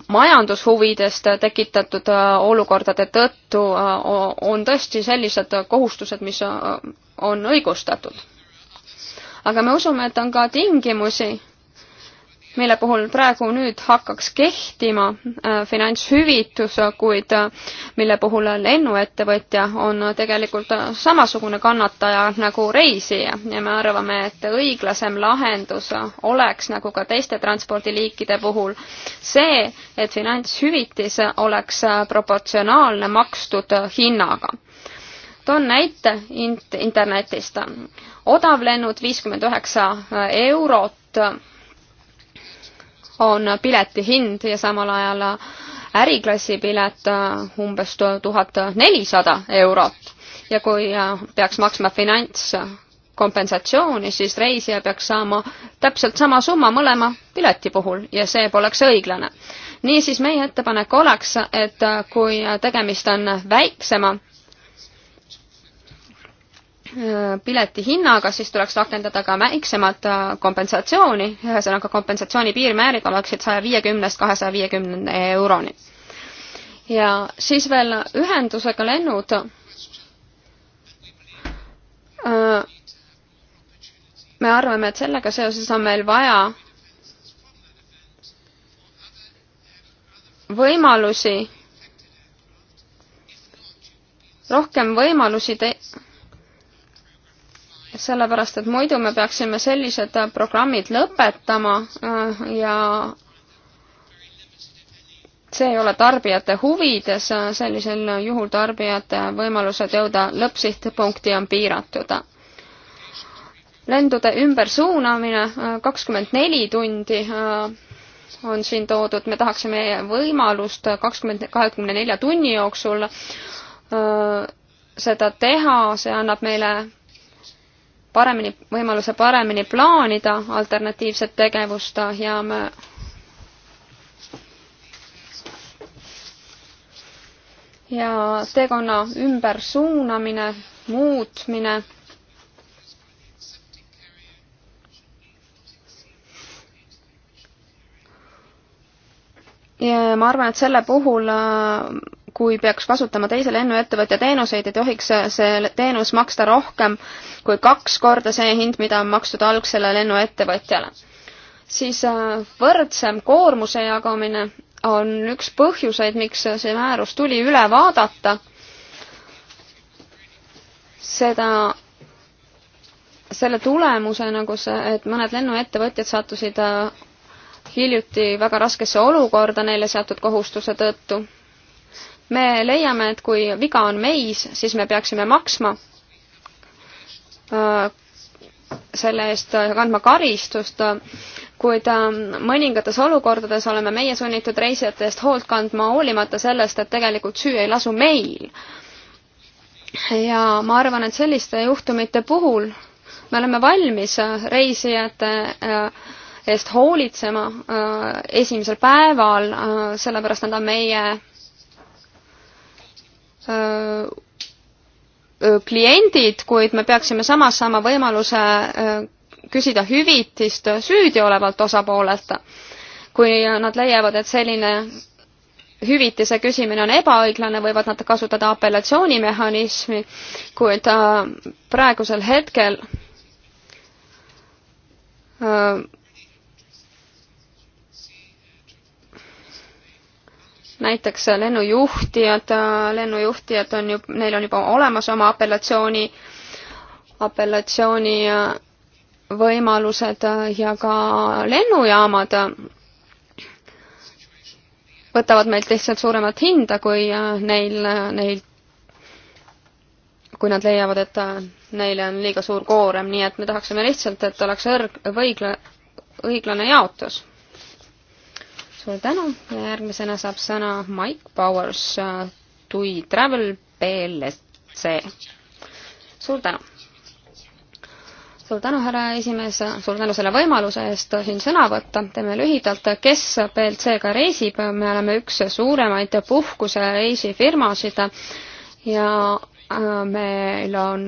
S4: majandushuvidest tekitatud äh, olukordade tõttu on tõesti sellised kohustused, mis on õigustatud. aga me usume, et on ka tingimusi, mille puhul praegu nüüd hakkaks kehtima äh, finantshüvitus, kuid äh, mille puhul lennuettevõtja on tegelikult äh, samasugune kannataja nagu reisija ja me arvame, et õiglasem lahendus oleks nagu ka teiste transpordiliikide puhul see, et finantshüvitis oleks äh, proportsionaalne makstud hinnaga toon näite int-, internetist. odavlennud viiskümmend üheksa äh, eurot äh, on pileti hind ja samal ajal äh, äriklassi pilet umbes tuhat nelisada eurot. ja kui peaks maksma finantskompensatsiooni, siis reisija peaks saama täpselt sama summa mõlema pileti puhul ja see poleks õiglane. niisiis meie ettepanek oleks, et kui tegemist on väiksema piletihinnaga, siis tuleks rakendada ka väiksemat äh, kompensatsiooni, ühesõnaga kompensatsiooni piirmäärid oleksid saja viiekümnest kahesaja viiekümne euroni. ja siis veel ühendusega lennud. Äh, me arvame, et sellega seoses on meil vaja võimalusi, rohkem võimalusi te-, sellepärast et muidu me peaksime sellised programmid lõpetama äh, ja see ei ole tarbijate huvides, sellisel juhul tarbijate võimalused jõuda lõppsihtpunkti on piiratud. lendude ümbersuunamine äh, kakskümmend neli tundi äh, on siin toodud, me tahaksime võimalust kakskümmend, kahekümne nelja tunni jooksul seda teha, see annab meile paremini, võimaluse paremini plaanida alternatiivset tegevust ja me ja teekonna ümbersuunamine, muutmine ja ma arvan, et selle puhul kui peaks kasutama teise lennuettevõtja teenuseid, ei tohiks see teenus maksta rohkem kui kaks korda see hind, mida on makstud algsele lennuettevõtjale. siis äh, võrdsem koormuse jagamine on üks põhjuseid, miks see määrus tuli üle vaadata. seda, selle tulemusena, nagu kus, et mõned lennuettevõtjad sattusid äh, hiljuti väga raskesse olukorda neile seatud kohustuse tõttu me leiame, et kui viga on meis, siis me peaksime maksma äh, selle eest kandma karistust, kuid äh, mõningates olukordades oleme meie sunnitud reisijate eest hoolt kandma, hoolimata sellest, et tegelikult süü ei lasu meil. ja ma arvan, et selliste juhtumite puhul me oleme valmis äh, reisijate eest hoolitsema esimesel päeval, sellepärast nad on meie kliendid, kuid me peaksime samas saama võimaluse küsida hüvitist süüdi olevalt osapoolelt. kui nad leiavad, et selline hüvitise küsimine on ebaõiglane, võivad nad kasutada apellatsioonimehhanismi, kuid praegusel hetkel näiteks lennujuhtijad, lennujuhtijad on ju, neil on juba olemas oma apellatsiooni, apellatsiooni äh, võimalused äh, ja ka lennujaamad võtavad meilt lihtsalt suuremat hinda, kui äh, neil, neil, kui nad leiavad, et neile on liiga suur koorem, nii et me tahaksime lihtsalt, et oleks õrg-, õigla-, õiglane jaotus suur tänu ja järgmisena saab sõna Mike Powers äh, Tui Travel PLC. suur tänu! suur tänu, härra esimees, suur tänu selle võimaluse eest siin sõna võtta. teeme lühidalt, kes BLC-ga reisib, me oleme üks suuremaid puhkuse reisifirmasid ja äh, meil on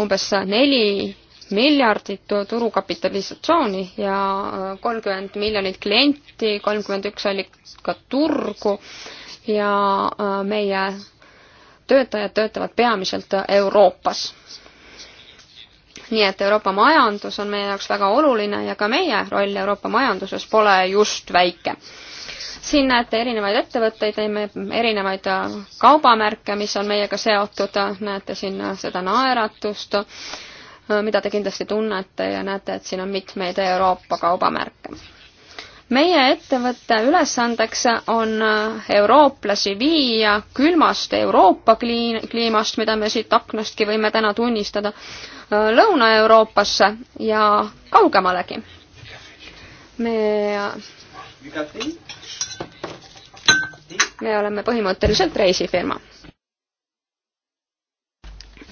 S4: umbes neli miljardit turukapitalisatsiooni ja äh, kolmkümmend miljonit klienti, kolmkümmend üks allikat turgu ja äh, meie töötajad töötavad peamiselt Euroopas. nii et Euroopa majandus on meie jaoks väga oluline ja ka meie roll Euroopa majanduses pole just väike siin näete erinevaid ettevõtteid, erinevaid äh, kaubamärke, mis on meiega seotud, näete siin seda naeratust, mida te kindlasti tunnete ja näete, et siin on mitmeid Euroopa kaubamärke. meie ettevõtte ülesandeks on eurooplasi viia külmast Euroopa kliimast, mida me siit aknastki võime täna tunnistada, Lõuna-Euroopasse ja kaugemalegi. me me oleme põhimõtteliselt reisifirma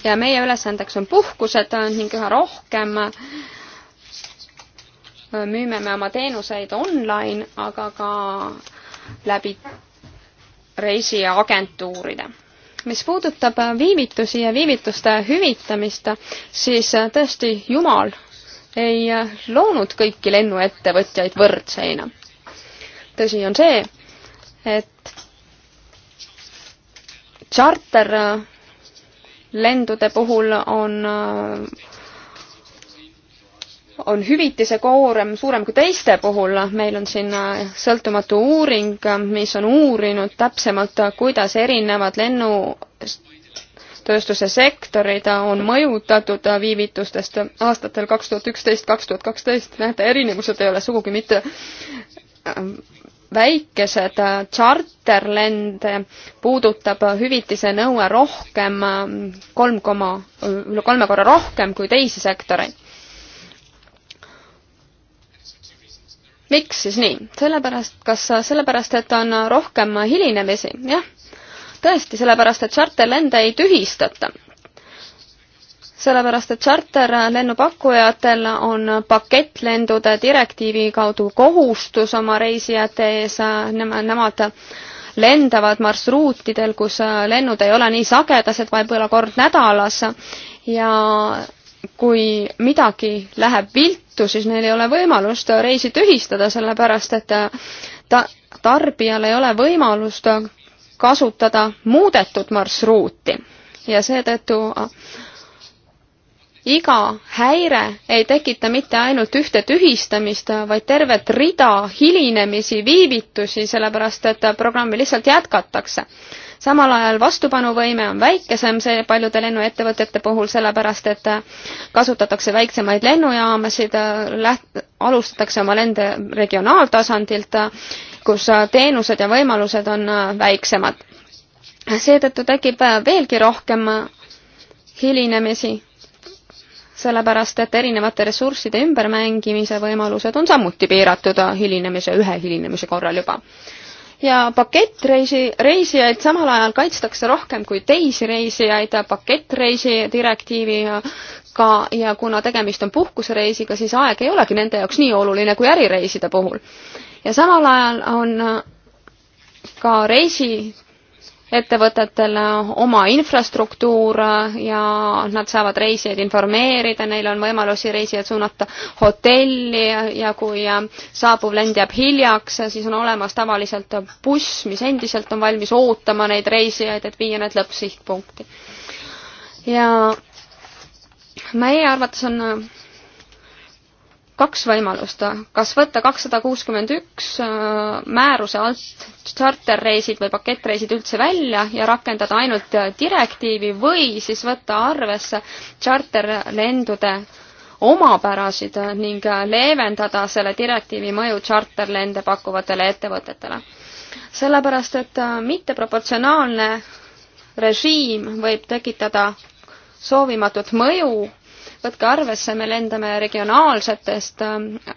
S4: ja meie ülesandeks on puhkused ning üha rohkem äh, müüme me oma teenuseid online, aga ka läbi reisiagentuuride. mis puudutab viivitusi ja viivituste hüvitamist, siis tõesti Jumal ei loonud kõiki lennuettevõtjaid võrdseina. tõsi on see, et tšarter lendude puhul on on hüvitise koorem suurem kui teiste puhul, meil on siin sõltumatu uuring, mis on uurinud täpsemalt, kuidas erinevad lennutööstuse sektorid on mõjutatud viivitustest aastatel kaks tuhat üksteist, kaks tuhat kaksteist, näete, erinevused ei ole sugugi mitte väikesed äh, tšarterlende puudutab hüvitise nõue rohkem, kolm koma, üle kolme korra rohkem kui teisi sektoreid. miks siis nii? sellepärast, kas sellepärast, et on rohkem hilinemisi? jah, tõesti, sellepärast et tšarterlende ei tühistata sellepärast et tšarterlennupakkujatel on pakettlendude direktiivi kaudu kohustus oma reisijate ees, nemad lendavad marsruutidel, kus lennud ei ole nii sagedased, võib-olla kord nädalas ja kui midagi läheb viltu, siis neil ei ole võimalust reisi tühistada, sellepärast et ta, tarbijal ei ole võimalust kasutada muudetud marsruuti ja seetõttu iga häire ei tekita mitte ainult ühte tühistamist, vaid tervet rida hilinemisi, viivitusi, sellepärast et programmi lihtsalt jätkatakse. samal ajal vastupanuvõime on väikesem, see paljude lennuettevõtete puhul, sellepärast et kasutatakse väiksemaid lennujaamasid, läht-, alustatakse oma lende regionaaltasandilt, kus teenused ja võimalused on väiksemad. seetõttu tekib veelgi rohkem hilinemisi sellepärast et erinevate ressursside ümbermängimise võimalused on samuti piiratud hilinemise, ühe hilinemise korral juba. ja pakettreisi, reisijaid samal ajal kaitstakse rohkem kui teisi reisijaid pakettreisi direktiivi ka ja kuna tegemist on puhkusereisiga, siis aeg ei olegi nende jaoks nii oluline kui ärireiside puhul. ja samal ajal on ka reisi ettevõtetel oma infrastruktuur ja nad saavad reisijaid informeerida, neil on võimalusi reisijad suunata hotelli ja, ja kui saabuv lend jääb hiljaks, siis on olemas tavaliselt buss, mis endiselt on valmis ootama neid reisijaid, et viia nad lõppsihtpunkti. ja meie arvates on kaks võimalust, kas võtta kakssada kuuskümmend üks äh, määruse alt tšarterreisid või pakettreisid üldse välja ja rakendada ainult direktiivi või siis võtta arvesse tšarterlendude omapärasid ning leevendada selle direktiivi mõju tšarterlende pakkuvatele ettevõtetele. sellepärast, et äh, mitteproportsionaalne režiim võib tekitada soovimatut mõju võtke arvesse, me lendame regionaalsetest äh,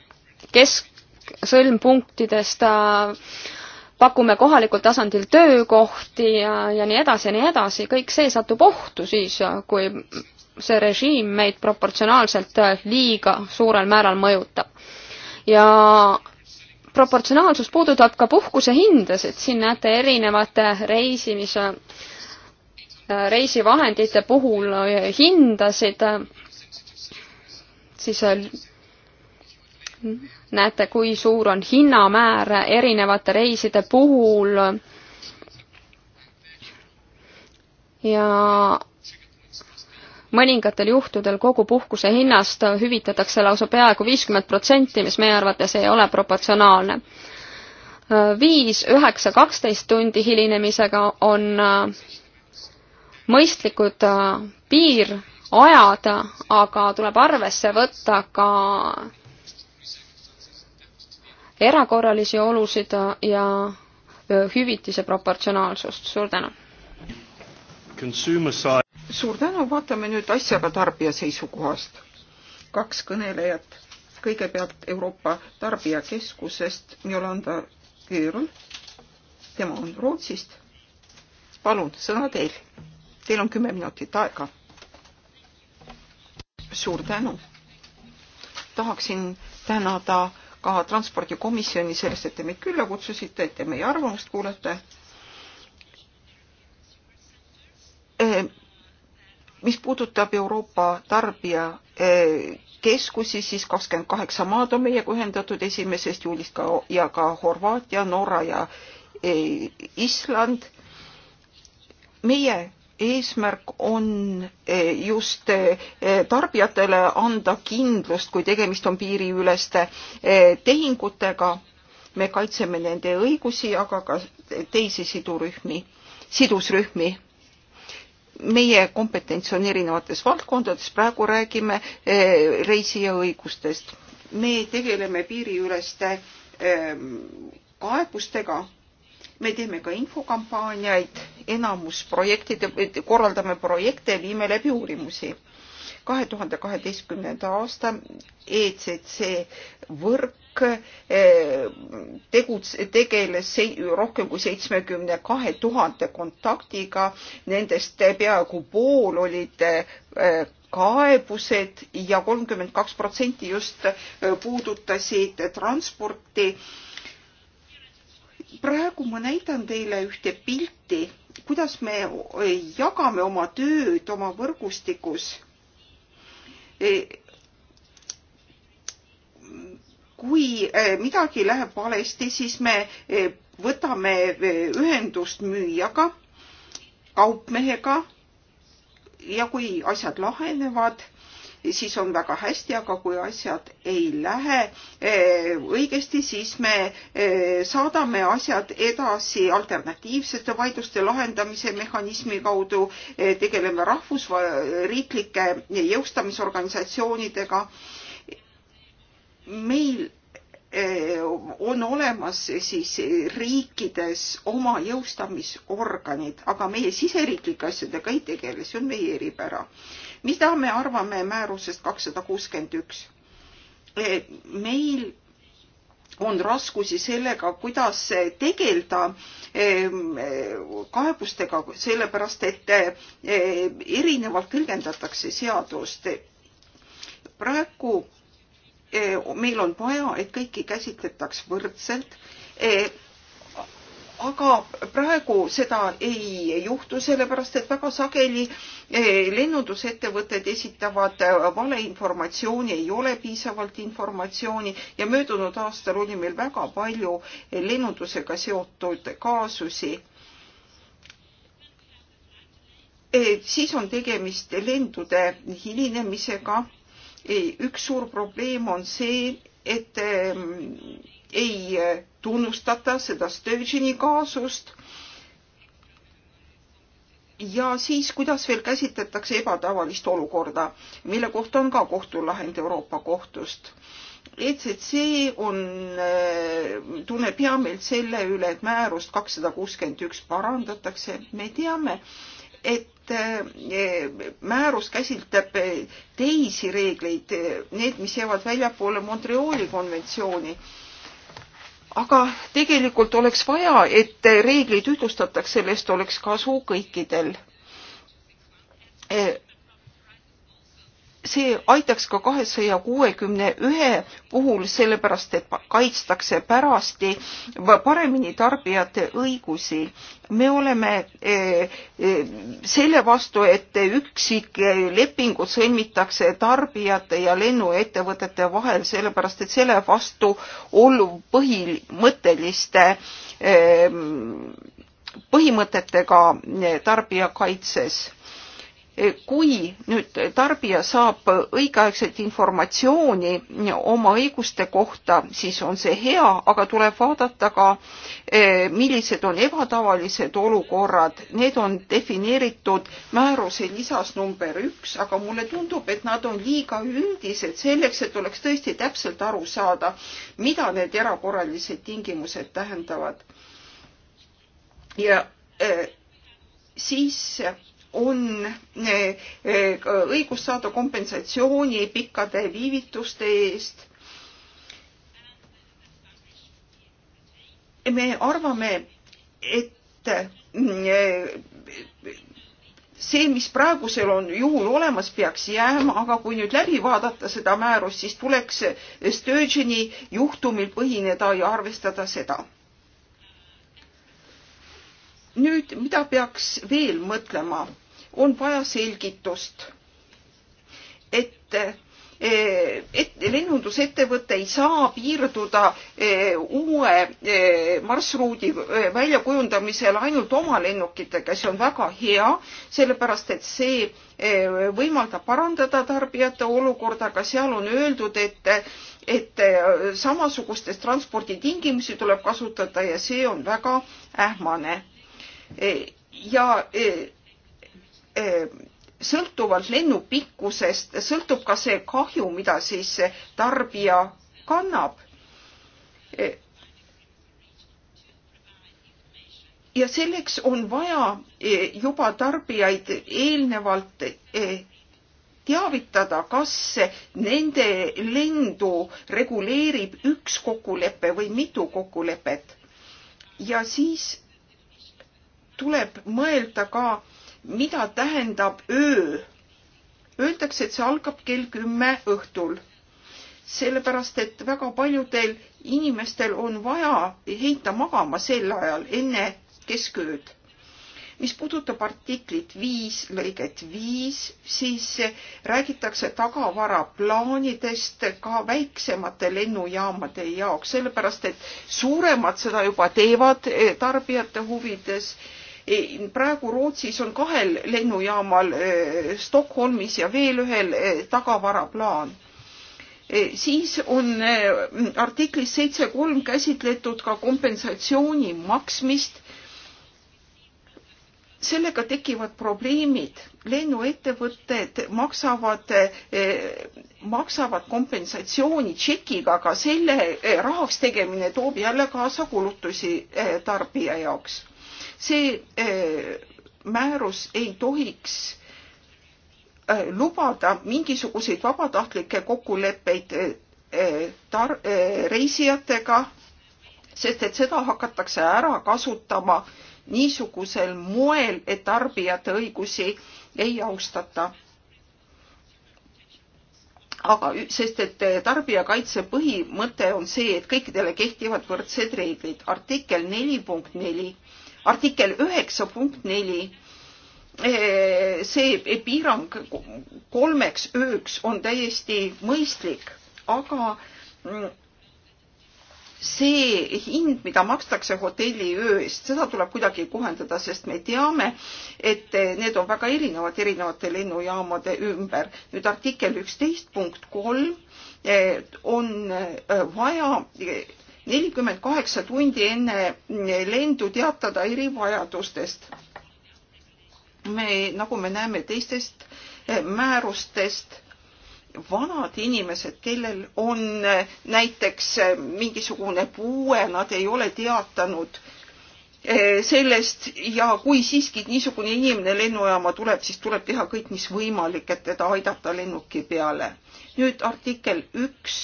S4: kesksõlmpunktidest, äh, pakume kohalikul tasandil töökohti ja, ja nii edasi ja nii edasi, kõik see satub ohtu siis, äh, kui see režiim meid proportsionaalselt liiga suurel määral mõjutab. ja proportsionaalsus puudutab ka puhkuse hindasid, siin näete erinevate reisimise, reisivahendite puhul hindasid siis äh, näete, kui suur on hinnamäär erinevate reiside puhul. ja mõningatel juhtudel kogu puhkuse hinnast hüvitatakse lausa peaaegu viiskümmend protsenti, mis meie arvates ei ole proportsionaalne. viis, üheksa, kaksteist tundi hilinemisega on äh, mõistlikud äh, piir ajad, aga tuleb arvesse võtta ka erakorralisi olusid ja hüvitise proportsionaalsust. suur tänu! suur tänu,
S1: vaatame nüüd asja ka tarbija seisukohast. kaks kõnelejat, kõigepealt Euroopa Tarbijakeskusest Jolanda Küürl, tema on Rootsist. palun, sõna teil. Teil on kümme minutit aega suur tänu. tahaksin tänada ka transpordikomisjoni sellest, et te meid külla kutsusite, et te meie arvamust kuulete eh, mis puudutab Euroopa tarbijakeskusi, eh, siis kakskümmend kaheksa maad on meiega ühendatud esimesest juulist ka ja ka Horvaatia, Norra ja eh, Island. meie eesmärk on eh, just eh, tarbijatele anda kindlust, kui tegemist on piiriüleste eh, tehingutega. me kaitseme nende õigusi, aga ka teisi sidurühmi, sidusrühmi. meie kompetents on erinevates valdkondades, praegu räägime reisija õigustest. me tegeleme piiriüleste kaebustega me teeme ka infokampaaniaid, enamus projektide, korraldame projekte, viime läbi uurimusi. kahe tuhande kaheteistkümnenda aasta ECC võrk eh, teguts-, tegeles rohkem kui seitsmekümne kahe tuhande kontaktiga, nendest peaaegu pool olid eh, kaebused ja kolmkümmend kaks protsenti just eh, puudutasid transporti praegu ma näitan teile ühte pilti, kuidas me jagame oma tööd oma võrgustikus. E, kui e, midagi läheb valesti, siis me e, võtame ühendust müüjaga, kaupmehega ja kui asjad lahenevad siis on väga hästi, aga kui asjad ei lähe eh, õigesti, siis me eh, saadame asjad edasi alternatiivsete vaidluste lahendamise mehhanismi kaudu, eh, tegeleme rahvusriiklike jõustamisorganisatsioonidega. meil Eh, on olemas siis riikides oma jõustamisorganid, aga meie siseriiklike asjadega ei tegele, see on meie eripära. mida me arvame määrusest kakssada kuuskümmend üks? Eh, meil on raskusi sellega, kuidas tegeleda eh, kaebustega, sellepärast et erinevalt tõlgendatakse seadust. praegu Eh, meil on vaja, et kõiki käsitletaks võrdselt. Eh, aga praegu seda ei juhtu, sellepärast et väga sageli eh, lennundusettevõtted esitavad valeinformatsiooni, ei ole piisavalt informatsiooni ja möödunud aastal oli meil väga palju lennundusega seotud kaasusi siis on tegemist lendude hilinemisega üks suur probleem on see, et ehm, ei eh, tunnustata seda Sturgeoni kaasust. ja siis, kuidas veel käsitletakse ebatavalist olukorda, mille kohta on ka kohtulahend Euroopa Kohtust. ECC on, eh, tunneb heameelt selle üle, et määrust kakssada kuuskümmend üks parandatakse. me teame, et et eh, määrus käsitleb eh, teisi reegleid, eh, need, mis jäävad väljapoole Montreali konventsiooni. aga tegelikult oleks vaja, et reegleid ühtlustataks, sellest oleks kasu kõikidel see aitaks ka kahesaja kuuekümne ühe puhul, sellepärast et kaitstakse pärasti paremini tarbijate õigusi. me oleme eh, eh, selle vastu, et üksiklepingud sõlmitakse tarbijate ja lennuettevõtete vahel, sellepärast et selle vastu olluv põhimõtteliste eh, põhimõtetega tarbijakaitses kui nüüd tarbija saab õigeaegset informatsiooni oma õiguste kohta, siis on see hea, aga tuleb vaadata ka, eh, millised on ebatavalised olukorrad. Need on defineeritud määruse lisas number üks, aga mulle tundub, et nad on liiga üldised selleks, et oleks tõesti täpselt aru saada, mida need erakorralised tingimused tähendavad. ja eh, siis on eh, eh, õigus saada kompensatsiooni pikkade viivituste eest. me arvame, et mm, see, mis praegusel on juhul olemas, peaks jääma, aga kui nüüd läbi vaadata seda määrust, siis tuleks Sturgeoni juhtumil põhineda ja arvestada seda nüüd, mida peaks veel mõtlema, on vaja selgitust, et eh, et lennundusettevõte ei saa piirduda eh, uue eh, marsruudi väljakujundamisel ainult oma lennukitega, see on väga hea, sellepärast et see võimaldab parandada tarbijate olukorda, aga seal on öeldud, et et samasugustes transporditingimusi tuleb kasutada ja see on väga ähmane E, ja e, e, sõltuvalt lennu pikkusest sõltub ka see kahju, mida siis tarbija kannab. ja selleks on vaja juba tarbijaid eelnevalt teavitada, kas nende lendu reguleerib üks kokkulepe või mitu kokkulepet. ja siis tuleb mõelda ka, mida tähendab öö. Öeldakse, et see algab kell kümme õhtul. sellepärast, et väga paljudel inimestel on vaja heita magama sel ajal enne keskööd. mis puudutab artiklit viis, lõiget viis, siis räägitakse tagavaraplaanidest ka väiksemate lennujaamade jaoks, sellepärast et suuremad seda juba teevad eh, tarbijate huvides praegu Rootsis on kahel lennujaamal eh, Stockholmis ja veel ühel eh, tagavaraplaan eh, siis on artiklis seitse kolm käsitletud ka kompensatsiooni maksmist. sellega tekivad probleemid, lennuettevõtted maksavad, maksavad kompensatsiooni tšekiga, aga selle rahaks tegemine toob jälle kaasa kulutusi tarbija jaoks see äh, määrus ei tohiks äh, lubada mingisuguseid vabatahtlikke kokkuleppeid äh, tar-, reisijatega, sest et seda hakatakse ära kasutama niisugusel moel, et tarbijate õigusi ei austata. aga, sest et tarbijakaitse põhimõte on see, et kõikidele kehtivad võrdsed reeglid. artikkel neli punkt neli artikkel üheksa punkt neli eh, see piirang kolmeks ööks on täiesti mõistlik, aga mm, see hind, mida makstakse hotelli öö eest, seda tuleb kuidagi kohendada, sest me teame, et eh, need on väga erinevad erinevate lennujaamade ümber. nüüd artikkel üksteist punkt kolm eh, on vaja nelikümmend kaheksa tundi enne lendu teatada erivajadustest. me, nagu me näeme teistest eh, määrustest, vanad inimesed, kellel on eh, näiteks eh, mingisugune puue, nad ei ole teatanud sellest ja kui siiski niisugune inimene lennujaama tuleb, siis tuleb teha kõik, mis võimalik, et teda aidata lennuki peale. nüüd artikkel üks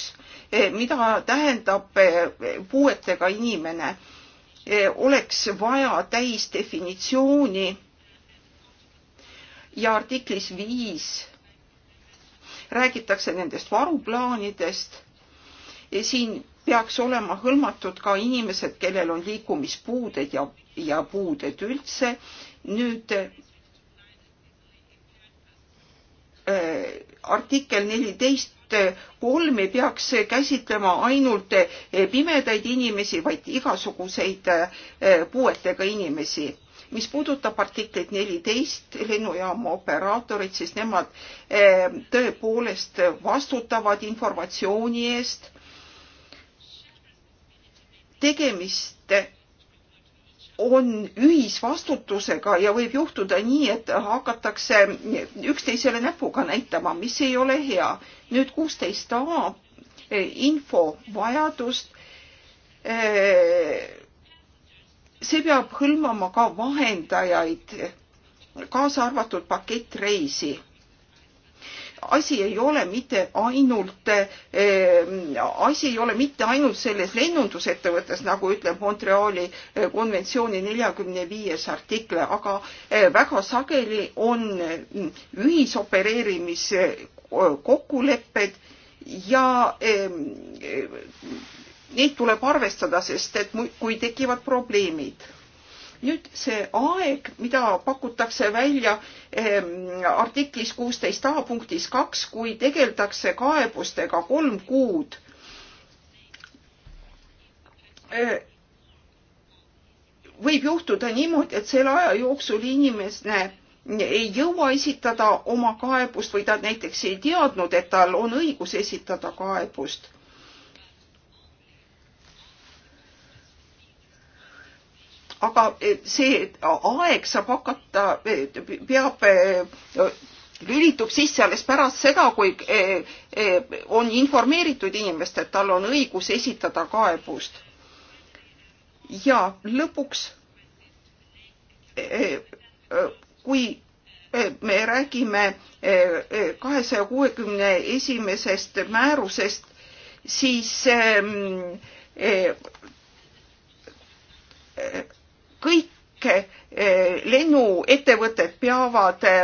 S1: Eh, mida tähendab eh, puuetega inimene. Eh, oleks vaja täisdefinitsiooni ja artiklis viis räägitakse nendest varuplaanidest. siin peaks olema hõlmatud ka inimesed, kellel on liikumispuuded ja, ja puuded üldse. nüüd äh, artikkel neliteist et kolm ei peaks käsitlema ainult eh, pimedaid inimesi, vaid igasuguseid eh, puuetega inimesi. mis puudutab artiklit neliteist lennujaama operaatorid, siis nemad eh, tõepoolest vastutavad informatsiooni eest. tegemist on ühisvastutusega ja võib juhtuda nii, et hakatakse üksteisele näpuga näitama, mis ei ole hea. nüüd kuusteist A eh, infovajadust. Eh, see peab hõlmama ka vahendajaid, kaasa arvatud pakettreisi asi ei ole mitte ainult, eh, asi ei ole mitte ainult selles lennundusettevõttes, nagu ütleb Montreali eh, konventsiooni neljakümne viies artikkel, aga eh, väga sageli on mm, ühisopereerimiskokkulepped ja neid tuleb arvestada, sest et kui tekivad probleemid nüüd see aeg, mida pakutakse välja ehm, artiklis kuusteist A punktis kaks, kui tegeldakse kaebustega kolm kuud. Ehm, võib juhtuda niimoodi, et selle aja jooksul inimene ei jõua esitada oma kaebust või ta näiteks ei teadnud, et tal on õigus esitada kaebust aga e, see aeg saab hakata, e, peab, e, lülitub sisse alles pärast seda, kui on informeeritud inimest, et tal on õigus esitada kaebust. ja lõpuks, kui me räägime kahesaja kuuekümne esimesest määrusest, siis kõik eh, lennuettevõtted peavad eh,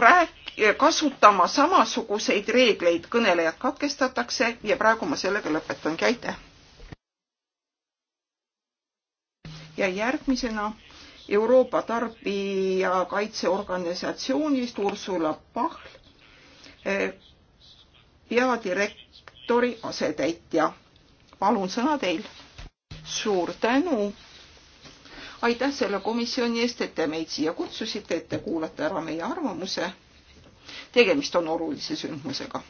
S1: rääk-, kasutama samasuguseid reegleid, kõnelejad katkestatakse ja praegu ma sellega lõpetangi, aitäh! ja järgmisena Euroopa Tarbijakaitseorganisatsioonist Ursula Pahl, eh, peadirektori asetäitja. palun, sõna teil suur tänu. aitäh selle komisjoni eest, et te meid siia kutsusite, et te kuulate ära meie arvamuse. tegemist on olulise sündmusega.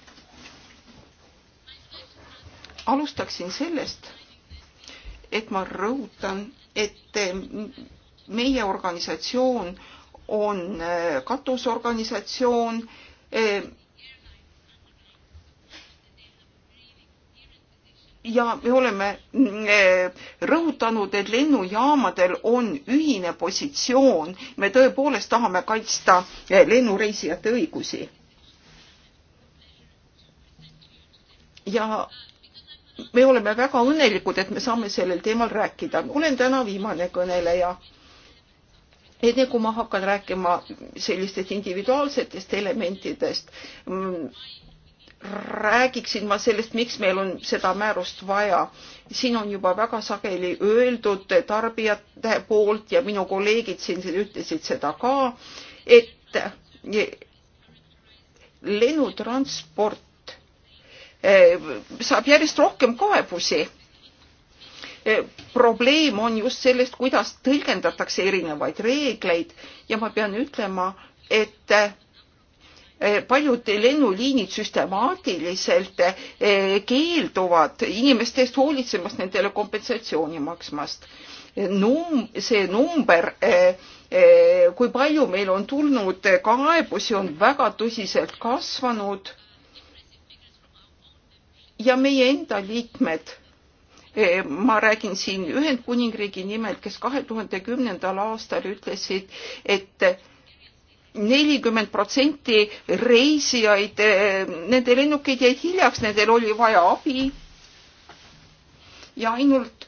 S1: alustaksin sellest, et ma rõhutan, et meie organisatsioon on katusorganisatsioon ja me oleme mm, eh, rõhutanud, et lennujaamadel on ühine positsioon, me tõepoolest tahame kaitsta eh, lennureisijate õigusi. ja me oleme väga õnnelikud, et me saame sellel teemal rääkida. olen täna viimane kõneleja. enne kui ma hakkan rääkima sellistest individuaalsetest elementidest, mm, räägiksin ma sellest, miks meil on seda määrust vaja. siin on juba väga sageli öeldud tarbijate poolt ja minu kolleegid siin ütlesid seda ka, et lennutransport eh, saab järjest rohkem kaebusi. Eh, probleem on just sellest, kuidas tõlgendatakse erinevaid reegleid ja ma pean ütlema, et Eh, paljud lennuliinid süstemaatiliselt eh, keelduvad inimeste eest hoolitsemast, nendele kompensatsiooni maksmast. Num-, see number, eh, kui palju meil on tulnud kaebusi, on väga tõsiselt kasvanud. ja meie enda liikmed, ma räägin siin Ühendkuningriigi nimel, kes kahe tuhande kümnendal aastal ütlesid, et nelikümmend protsenti reisijaid, eh, nende lennukid jäid hiljaks, nendel oli vaja abi. ja ainult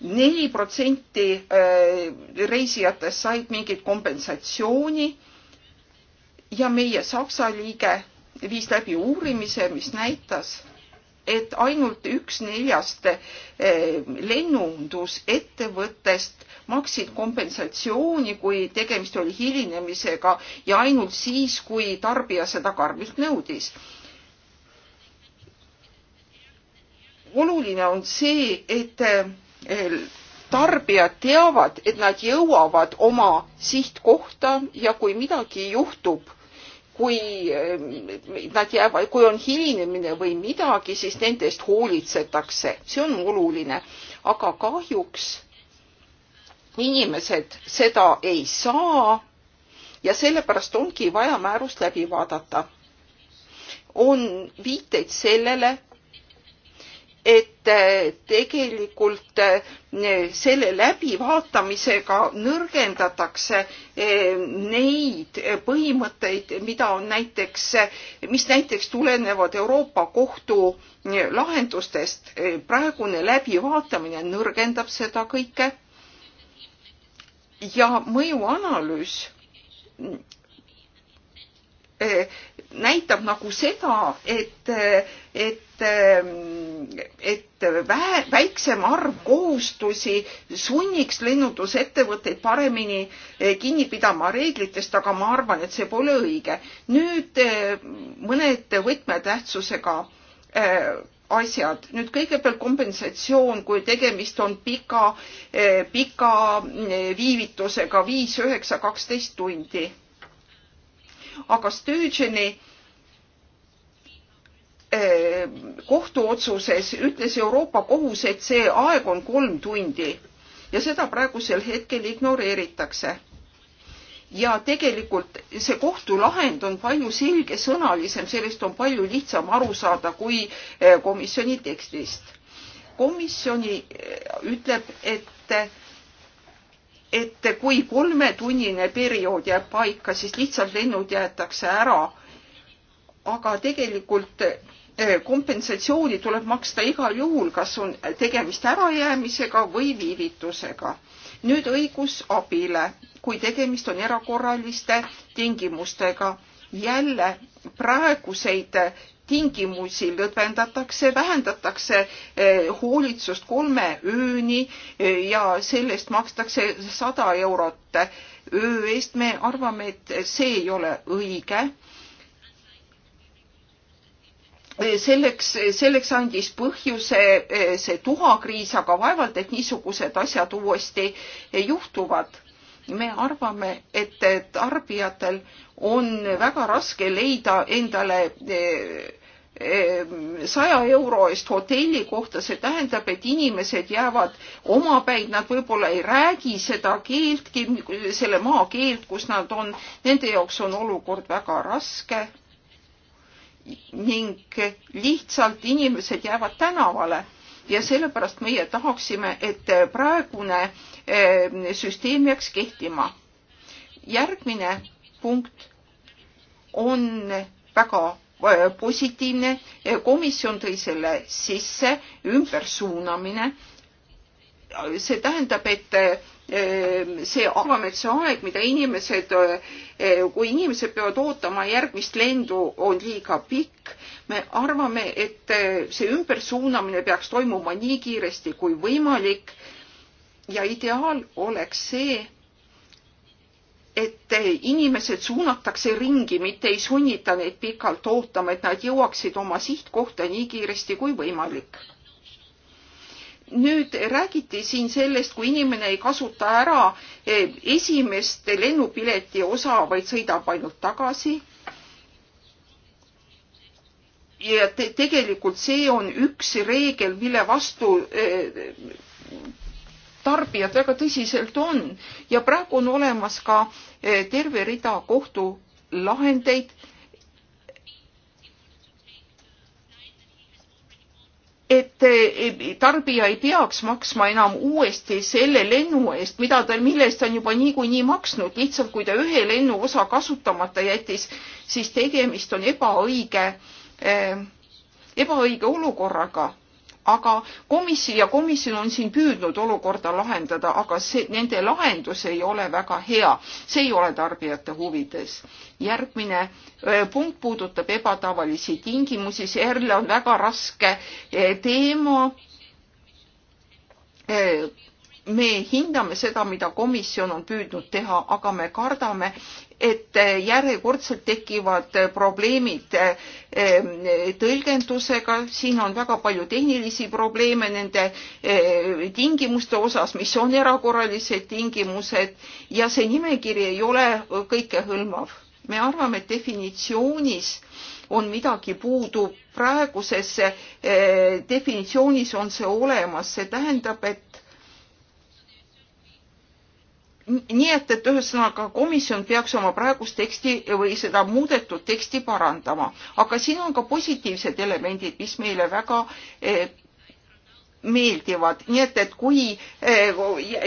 S1: neli protsenti eh, reisijatest said mingit kompensatsiooni. ja meie Saksa liige viis läbi uurimise, mis näitas, et ainult üks neljast eh, lennundusettevõttest maksid kompensatsiooni, kui tegemist oli hilinemisega ja ainult siis, kui tarbija seda karmilt nõudis. oluline on see, et eh, tarbijad teavad, et nad jõuavad oma sihtkohta ja kui midagi juhtub kui eh, nad jäävad, kui on hilinemine või midagi, siis nende eest hoolitsetakse, see on oluline. aga kahjuks inimesed seda ei saa ja sellepärast ongi vaja määrust läbi vaadata. on viiteid sellele, et eh, tegelikult eh, selle läbivaatamisega nõrgendatakse eh, neid põhimõtteid, mida on näiteks, mis näiteks tulenevad Euroopa Kohtu lahendustest. praegune läbivaatamine nõrgendab seda kõike ja mõjuanalüüs eh, näitab nagu seda, et, et, et vähe, väiksem arv kohustusi sunniks lennundusettevõtteid paremini eh, kinni pidama reeglitest, aga ma arvan, et see pole õige. nüüd eh, mõned võtmetähtsusega asjad. nüüd kõigepealt kompensatsioon, kui tegemist on pika, eh, pika eh, viivitusega viis, üheksa, kaksteist tundi. aga Sturgeoni eh, kohtuotsuses ütles Euroopa Kohus, et see aeg on kolm tundi ja seda praegusel hetkel ignoreeritakse ja tegelikult see kohtulahend on palju selgesõnalisem, sellest on palju lihtsam aru saada kui eh, komisjoni tekstist. komisjoni eh, ütleb, et et kui kolmetunnine periood jääb paika, siis lihtsalt lennud jäetakse ära. aga tegelikult eh, kompensatsiooni tuleb maksta igal juhul, kas on tegemist ärajäämisega või viivitusega nüüd õigusabile, kui tegemist on erakorraliste tingimustega. jälle praeguseid tingimusi lõdvendatakse, vähendatakse eh, hoolitsust kolme ööni eh, ja sellest makstakse sada eurot öö eest. me arvame, et see ei ole õige Eh, selleks, eh, selleks andis põhjuse eh, see tuhakriis, aga vaevalt, et niisugused asjad uuesti juhtuvad. me arvame, et tarbijatel on väga raske leida endale saja euro eest hotelli kohta, see tähendab, et inimesed jäävad omapäid, nad võib-olla ei räägi seda keeltki, selle maakeelt, kus nad on, nende jaoks on olukord väga raske ning lihtsalt inimesed jäävad tänavale ja sellepärast meie tahaksime, et praegune eh, süsteem jääks kehtima. järgmine punkt on väga eh, positiivne, komisjon tõi selle sisse, ümbersuunamine. see tähendab, et Ehm, see, arvame, et see aeg, mida inimesed, eh, eh, kui inimesed peavad ootama järgmist lendu, on liiga pikk. me arvame, et eh, see ümbersuunamine peaks toimuma nii kiiresti kui võimalik. ja ideaal oleks see, et inimesed suunatakse ringi, mitte ei sunnita neid pikalt ootama, et nad jõuaksid oma sihtkohta nii kiiresti kui võimalik nüüd räägiti siin sellest, kui inimene ei kasuta ära eh, esimest lennupileti osa, vaid sõidab ainult tagasi. ja te tegelikult see on üks reegel, mille vastu eh, tarbijad väga tõsiselt on ja praegu on olemas ka eh, terve rida kohtulahendeid Eh, et tarbija ei peaks maksma enam uuesti selle lennu eest, mida ta, mille eest ta on juba niikuinii maksnud, lihtsalt kui ta ühe lennuosa kasutamata jättis, siis tegemist on ebaõige, eh, ebaõige olukorraga aga komisjon ja komisjon on siin püüdnud olukorda lahendada, aga see, nende lahendus ei ole väga hea. see ei ole tarbijate huvides. järgmine punkt puudutab ebatavalisi tingimusi, see jälle on väga raske teema me hindame seda, mida komisjon on püüdnud teha, aga me kardame, et järjekordselt tekivad probleemid ehm, tõlgendusega, siin on väga palju tehnilisi probleeme nende ehm, tingimuste osas, mis on erakorralised tingimused ja see nimekiri ei ole kõikehõlmav. me arvame, et definitsioonis on midagi puudu, praeguses ehm, definitsioonis on see olemas, see tähendab, et nii et, et ühesõnaga komisjon peaks oma praegust teksti või seda muudetud teksti parandama, aga siin on ka positiivsed elemendid, mis meile väga eh, meeldivad, nii et, et kui eh,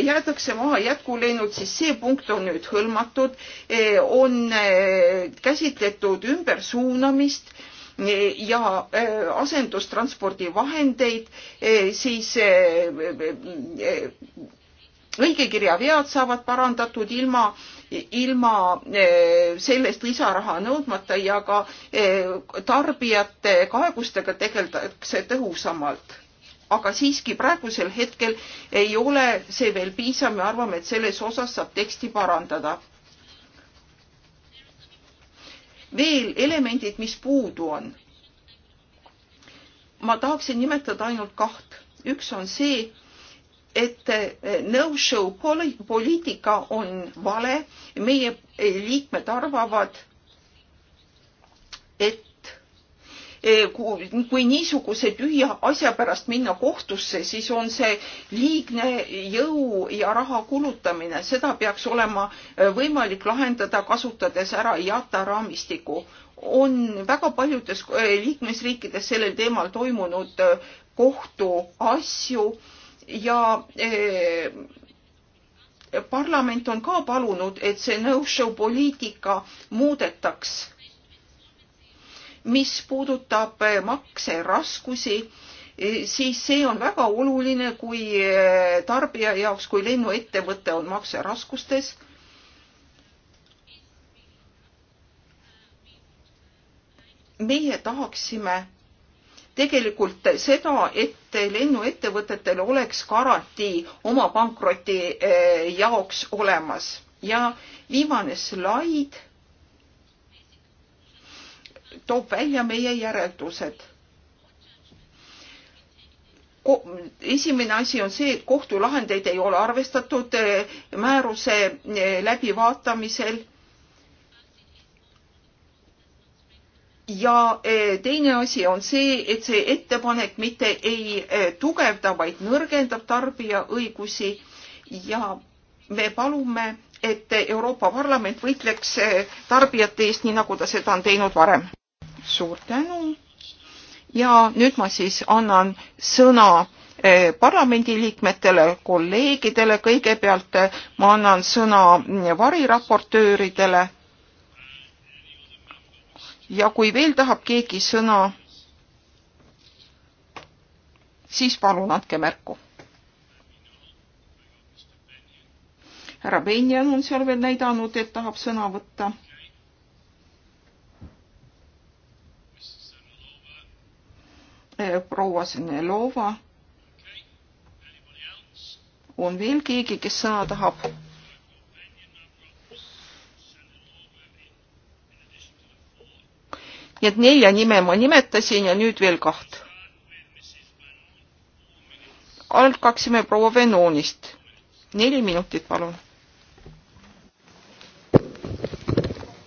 S1: jäädakse maha jätkuleinud, siis see punkt on nüüd hõlmatud, eh, on käsitletud ümbersuunamist ja asendustranspordivahendeid, siis õigekirja vead saavad parandatud ilma ilma e, sellest lisaraha nõudmata ja ka e, tarbijate kaebustega tegeldakse tõhusamalt. aga siiski praegusel hetkel ei ole see veel piisav, me arvame, et selles osas saab teksti parandada. veel elemendid, mis puudu on. ma tahaksin nimetada ainult kaht. üks on see, et eh, no-show poliitika on vale, meie liikmed arvavad, et eh, kui, kui niisuguse tühja asja pärast minna kohtusse, siis on see liigne jõu ja raha kulutamine, seda peaks olema eh, võimalik lahendada, kasutades ära IATA raamistikku. on väga paljudes liikmesriikides sellel teemal toimunud kohtuasju ja eh, parlament on ka palunud, et see no-show poliitika muudetaks. mis puudutab eh, makseraskusi, eh, siis see on väga oluline, kui tarbija jaoks, kui lennuettevõte on makseraskustes meie tahaksime tegelikult seda, et lennuettevõtetel oleks garantii oma pankroti eh, jaoks olemas. ja viimane slaid toob välja meie järeldused. esimene asi on see, et kohtulahendeid ei ole arvestatud eh, määruse eh, läbivaatamisel ja eh, teine asi on see, et see ettepanek mitte ei eh, tugevda, vaid nõrgendab tarbija õigusi ja me palume, et Euroopa Parlament võitleks eh, tarbijate eest, nii nagu ta seda on teinud varem. suur tänu. ja nüüd ma siis annan sõna parlamendiliikmetele, kolleegidele, kõigepealt ma annan sõna mm, variraportööridele ja kui veel tahab keegi sõna, siis palun andke märku. härra Benjan on seal veel näidanud, et tahab sõna võtta. Eh, proua Senelova. on veel keegi, kes sõna tahab? nii et nelja nime ma nimetasin ja nüüd veel kaht. algaksime proua Venonist. neli minutit,
S4: palun.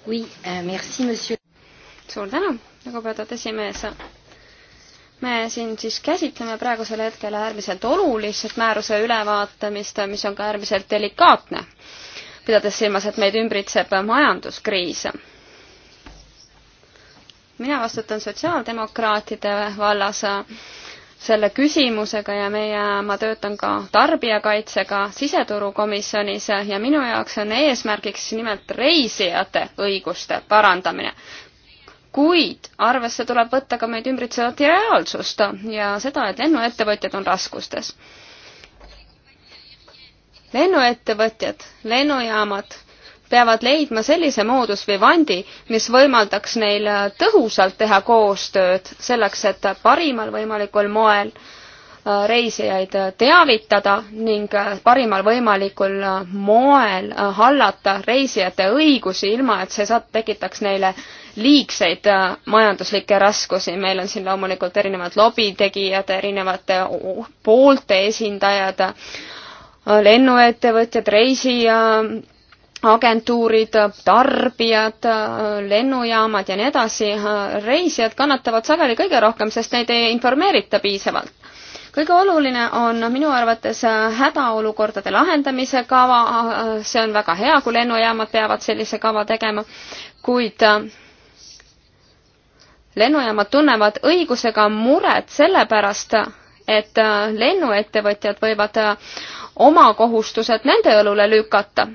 S4: Euh, suur tänu, lugupeetud esimees me siin siis käsitleme praegusel hetkel äärmiselt olulist määruse ülevaatamist, mis on ka äärmiselt delikaatne, pidades silmas, et meid ümbritseb majanduskriis mina vastutan sotsiaaldemokraatide vallas selle küsimusega ja meie, ma töötan ka tarbijakaitsega siseturukomisjonis ja minu jaoks on eesmärgiks nimelt reisijate õiguste parandamine. kuid arvesse tuleb võtta ka meid ümbritsevat reaalsust ja seda, et lennuettevõtjad on raskustes. lennuettevõtjad, lennujaamad peavad leidma sellise moodus vivandi, mis võimaldaks neil äh, tõhusalt teha koostööd selleks, et parimal võimalikul moel äh, reisijaid äh, teavitada ning parimal võimalikul moel hallata reisijate õigusi, ilma et see saab, tekitaks neile liigseid majanduslikke raskusi. meil on siin loomulikult erinevad lobitegijad, erinevate poolte esindajad, lennuettevõtjad, reisija agentuurid, tarbijad, lennujaamad ja nii edasi, reisijad kannatavad sageli kõige rohkem, sest neid ei informeerita piisavalt. kõige oluline on minu arvates hädaolukordade lahendamise kava, see on väga hea, kui lennujaamad peavad sellise kava tegema, kuid lennujaamad tunnevad õigusega muret selle pärast, et lennuettevõtjad võivad oma kohustused nende õlule lükata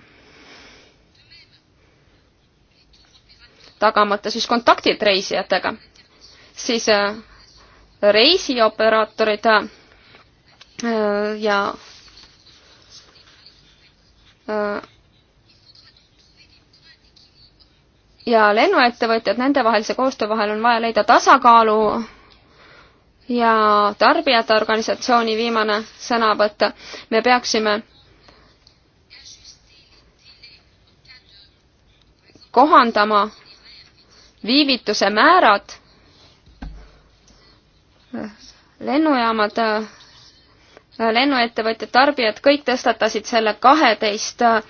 S4: tagamata siis kontaktid reisijatega, siis äh, reisioperaatorid äh, ja äh, ja lennuettevõtjad, nendevahelise koostöö vahel on vaja leida tasakaalu ja tarbijate organisatsiooni viimane sõnavõtt, me peaksime kohandama viivituse määrad, lennujaamad, lennuettevõtjad, tarbijad, kõik tõstatasid selle kaheteist äh,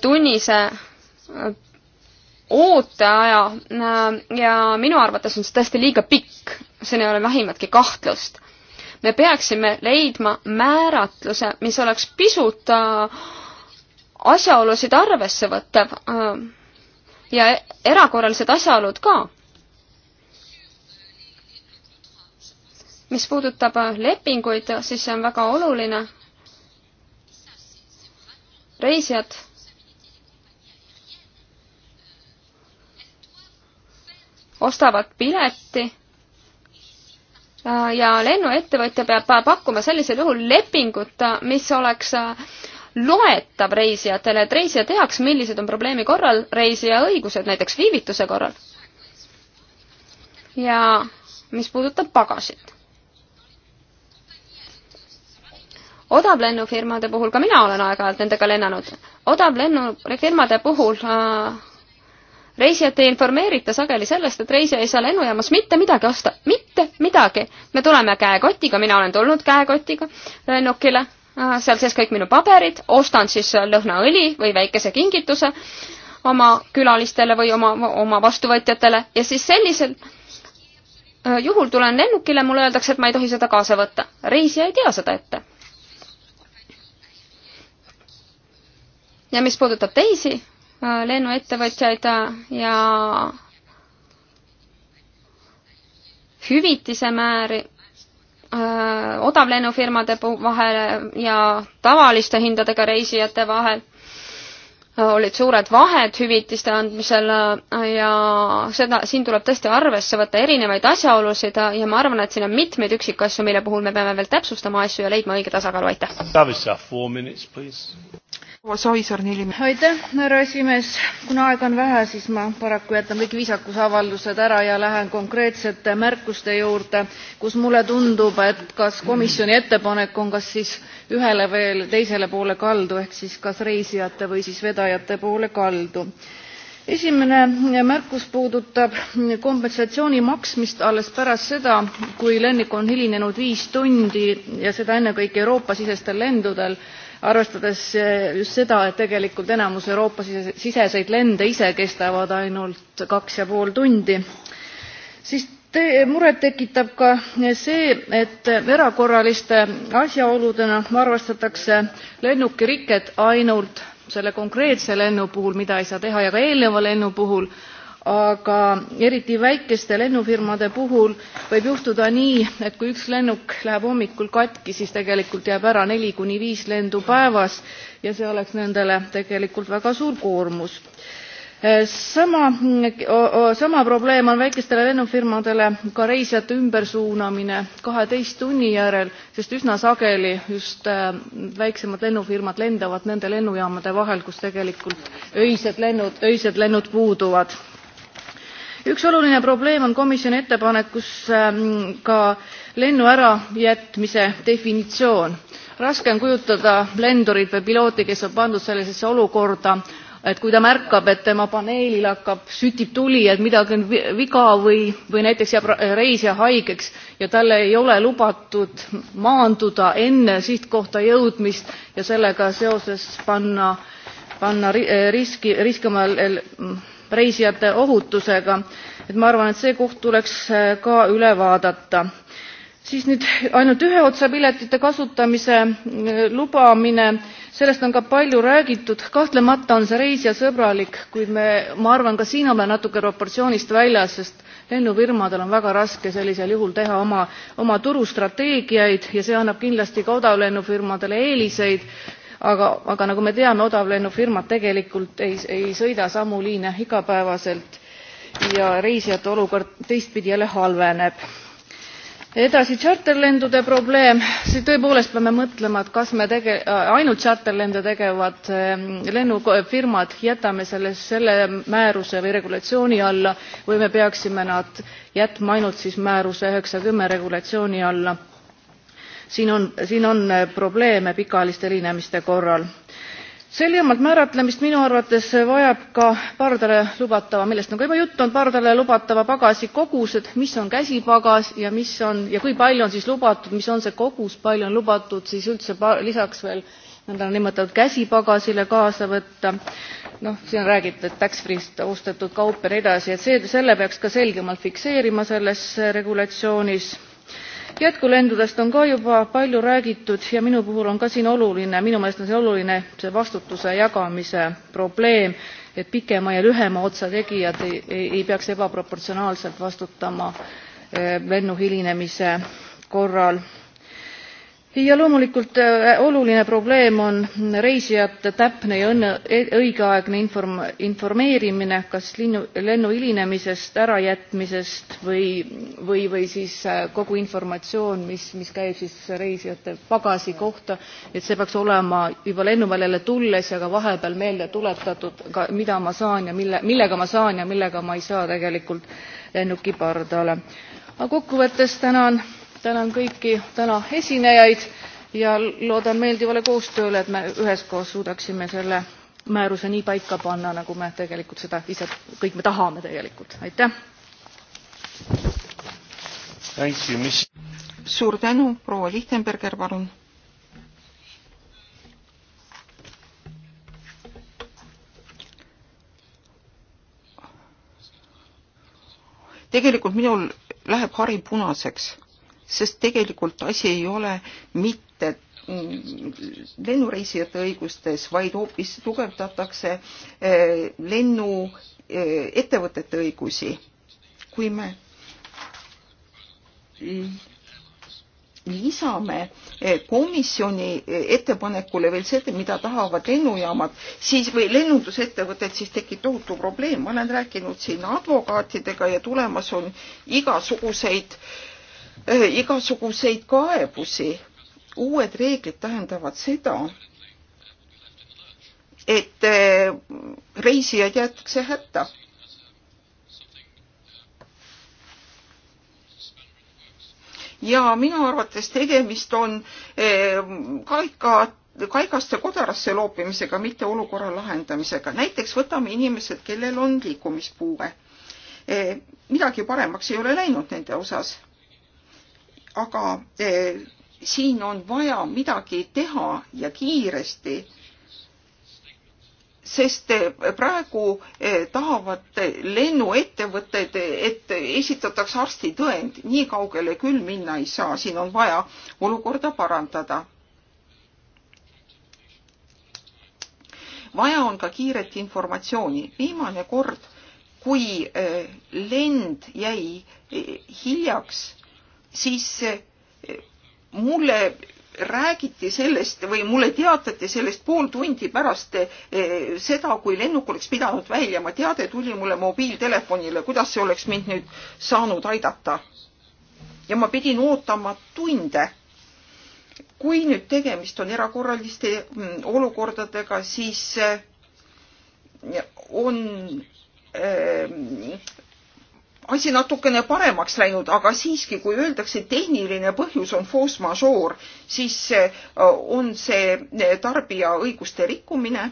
S4: tunnise äh, ooteaja äh, ja minu arvates on see tõesti liiga pikk, siin ei ole vähimatki kahtlust. me peaksime leidma määratluse, mis oleks pisut asjaolusid arvesse võttev ja erakorralised asjaolud ka. mis puudutab äh, lepinguid, siis see on väga oluline. reisijad ostavad pileti äh, ja lennuettevõtja peab äh, pakkuma sellisel juhul lepingut, mis oleks loetav reisijatele, et reisija teaks, millised on probleemi korral reisija õigused, näiteks viivituse korral. ja mis puudutab pagasit. odavlennufirmade puhul, ka mina olen aeg-ajalt nendega lennanud, odavlennufirmade puhul äh, reisijat ei informeerita sageli sellest, et reisija ei saa lennujaamas mitte midagi osta, mitte midagi. me tuleme käekotiga, mina olen tulnud käekotiga lennukile Äh, seal sees kõik minu paberid, ostan siis äh, lõhnaõli või väikese kingituse oma külalistele või oma, oma vastuvõtjatele ja siis sellisel äh, juhul tulen lennukile, mulle öeldakse, et ma ei tohi seda kaasa võtta. reisija ei tea seda ette. ja mis puudutab teisi lennuettevõtjaid ja hüvitise määri Äh, odavlennufirmade vahel ja tavaliste hindadega reisijate vahel äh, olid suured vahed hüvitiste andmisel äh, ja seda, siin tuleb tõesti arvesse võtta erinevaid asjaolusid ja ma arvan, et siin on mitmeid üksikasju, mille puhul me peame veel täpsustama asju ja leidma õige tasakaalu, aitäh!
S3: aitäh, härra esimees. kuna aega on vähe, siis ma paraku jätan kõik viisakusavaldused ära ja lähen konkreetsete märkuste juurde, kus mulle tundub, et kas komisjoni ettepanek on kas siis ühele või teisele poole kaldu ehk siis kas reisijate või siis vedajate poole kaldu esimene märkus puudutab kompensatsiooni maksmist alles pärast seda kui lennuk on hilinenud viis tundi ja seda ennekõike euroopa sisestel lendudel arvestades eh, just seda et tegelikult enamus euroopa siseseid lende ise kestavad ainult kaks ja pool tundi siis muret tekitab ka see et erakorraliste asjaoludena arvestatakse lennuki riket ainult selle konkreetse lennu puhul mida ei saa teha ja ka eelneva lennu puhul aga eriti väikeste lennufirmade puhul võib juhtuda nii et kui üks lennuk läheb hommikul katki siis tegelikult jääb ära neli kuni viis lendu päevas ja see oleks nendele tegelikult väga suur koormus. Eh, sama, sama probleem on väikestele lennufirmadele ka reisijate ümbersuunamine kaheteist tunni järel sest üsna sageli just eh, väiksemad lennufirmad lendavad nende lennujaamade vahel kus tegelikult öised lennud öised lennud puuduvad üks oluline probleem on komisjoni ettepanekus ähm, ka lennu ärajätmise definitsioon. raske on kujutada lendurit või pilooti kes on pandud sellisesse olukorda et kui ta märkab et tema paneelil hakkab sütib tuli et midagi on viga või või näiteks jääb reisija haigeks ja tal ei ole lubatud maanduda enne sihtkohta jõudmist ja sellega seoses panna panna riski riski oma reisijate ohutusega et ma arvan et see koht tuleks äh, ka üle vaadata. siis nüüd ainult ühe otsa piletite kasutamise äh, lubamine sellest on ka palju räägitud kahtlemata on see reisijasõbralik kuid me ma arvan ka siin oleme natuke proportsioonist väljas sest lennufirmadel on väga raske sellisel juhul teha oma oma turustrateegiaid ja see annab kindlasti ka odavlennufirmadele eeliseid aga aga nagu me teame odavlennufirmad tegelikult ei, ei sõida samu liine igapäevaselt ja reisijate olukord teistpidi jälle halveneb. edasi tšarterlendude probleem siin tõepoolest peame mõtlema et kas me tege- ainult tšarterlende tegevad ehm, lennufirmad jätame selle selle määruse või regulatsiooni alla või me peaksime nad jätma ainult siis määruse 90 regulatsiooni alla siin on siin on äh, probleeme pikaajaliste hilinemiste korral. selgemat määratlemist minu arvates vajab ka pardale lubatava millest on nagu ka juba juttu olnud pardale lubatava pagasi kogused mis on käsipagas ja mis on ja kui palju on siis lubatud mis on see kogus palju on lubatud siis üldse lisaks veel nõndanimetatud käsipagasile kaasa võtta noh siin on räägitud et tax free'st ostetud kaup ja nii edasi et see selle peaks ka selgemalt fikseerima selles regulatsioonis jätkulendudest on ka juba palju räägitud ja minu puhul on ka siin oluline minu meelest on siin oluline see vastutuse jagamise probleem et pikema ja lühema otsa tegijad ei, ei peaks ebaproportsionaalselt vastutama eh, lennu hilinemise korral ja loomulikult äh, oluline probleem on reisijate täpne ja e, õigeaegne informeerimine kas lennu hilinemisest ärajätmisest või siis äh, kogu informatsioon mis käib reisijate pagasi kohta et see peaks olema juba lennuväljale tulles ja ka vahepeal meelde tuletatud mida ma saan ja millega ma saan ja millega ma ei saa tegelikult lennuki pardale. kokkuvõttes tänan tänan kõiki täna esinejaid ja loodan meeldivale koostööle et me üheskoos suudaksime selle määruse nii paika panna nagu me tegelikult seda ise kõik me tahame tegelikult aitäh you, suur tänu
S1: proua lichtenberger palun tegelikult minul läheb hari punaseks sest tegelikult asi ei ole mitte mm, lennureisijate õigustes, vaid hoopis tugevdatakse eh, lennuettevõtete eh, õigusi. kui me lisame eh, komisjoni ettepanekule veel seda, mida tahavad lennujaamad, siis või lennundusettevõtted, siis tekib tohutu probleem. ma olen rääkinud siin advokaatidega ja tulemas on igasuguseid äh, Äh, igasuguseid kaebusi. uued reeglid tähendavad seda, et äh, reisijad jäetakse hätta. ja minu arvates tegemist on äh, kaika, kaigast ja kodarasse loopimisega, mitte olukorra lahendamisega. näiteks võtame inimesed, kellel on liikumispuue. midagi paremaks ei ole läinud nende osas aga eh, siin on vaja midagi teha ja kiiresti sest eh, praegu eh, tahavad lennuettevõtted, et esitatakse arstitõend, nii kaugele küll minna ei saa, siin on vaja olukorda parandada. vaja on ka kiiret informatsiooni, viimane kord, kui lend jäi hiljaks siis eh, mulle räägiti sellest või mulle teatati sellest pool tundi pärast eh, seda, kui lennuk oleks pidanud väljama. teade tuli mulle mobiiltelefonile, kuidas see oleks mind nüüd saanud aidata. ja ma pidin ootama tunde. kui nüüd tegemist on erakorraliste mm, olukordadega, siis eh, on asi natukene paremaks läinud, aga siiski, kui öeldakse, et tehniline põhjus on force majeure, siis äh, on see äh, tarbija õiguste rikkumine.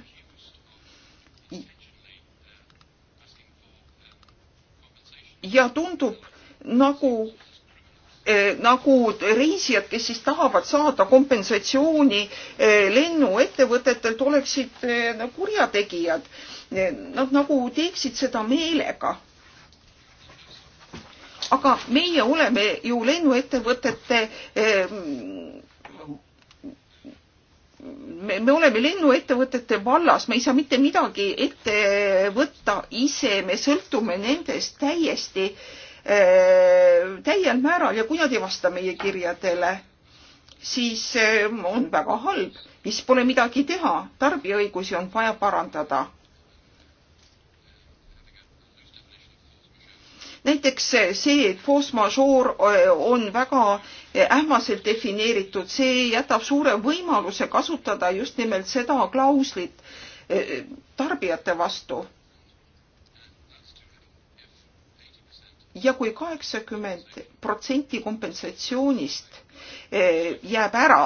S1: ja tundub nagu äh, nagu reisijad, kes siis tahavad saada kompensatsiooni lennuettevõtetelt, oleksid nagu kurjategijad. Nad nagu teeksid seda meelega aga meie oleme ju lennuettevõtete eh, me, me oleme lennuettevõtete vallas, me ei saa mitte midagi ette võtta ise, me sõltume nendest täiesti äh,, täiel määral ja kui nad ei vasta meie kirjadele, siis äh, on väga halb, siis pole midagi teha, tarbijaõigusi on vaja parandada näiteks see, et force majeure eh, on väga eh, ähmaselt defineeritud, see jätab suure võimaluse kasutada just nimelt seda klauslit eh, tarbijate vastu. ja kui kaheksakümmend protsenti kompensatsioonist jääb ära,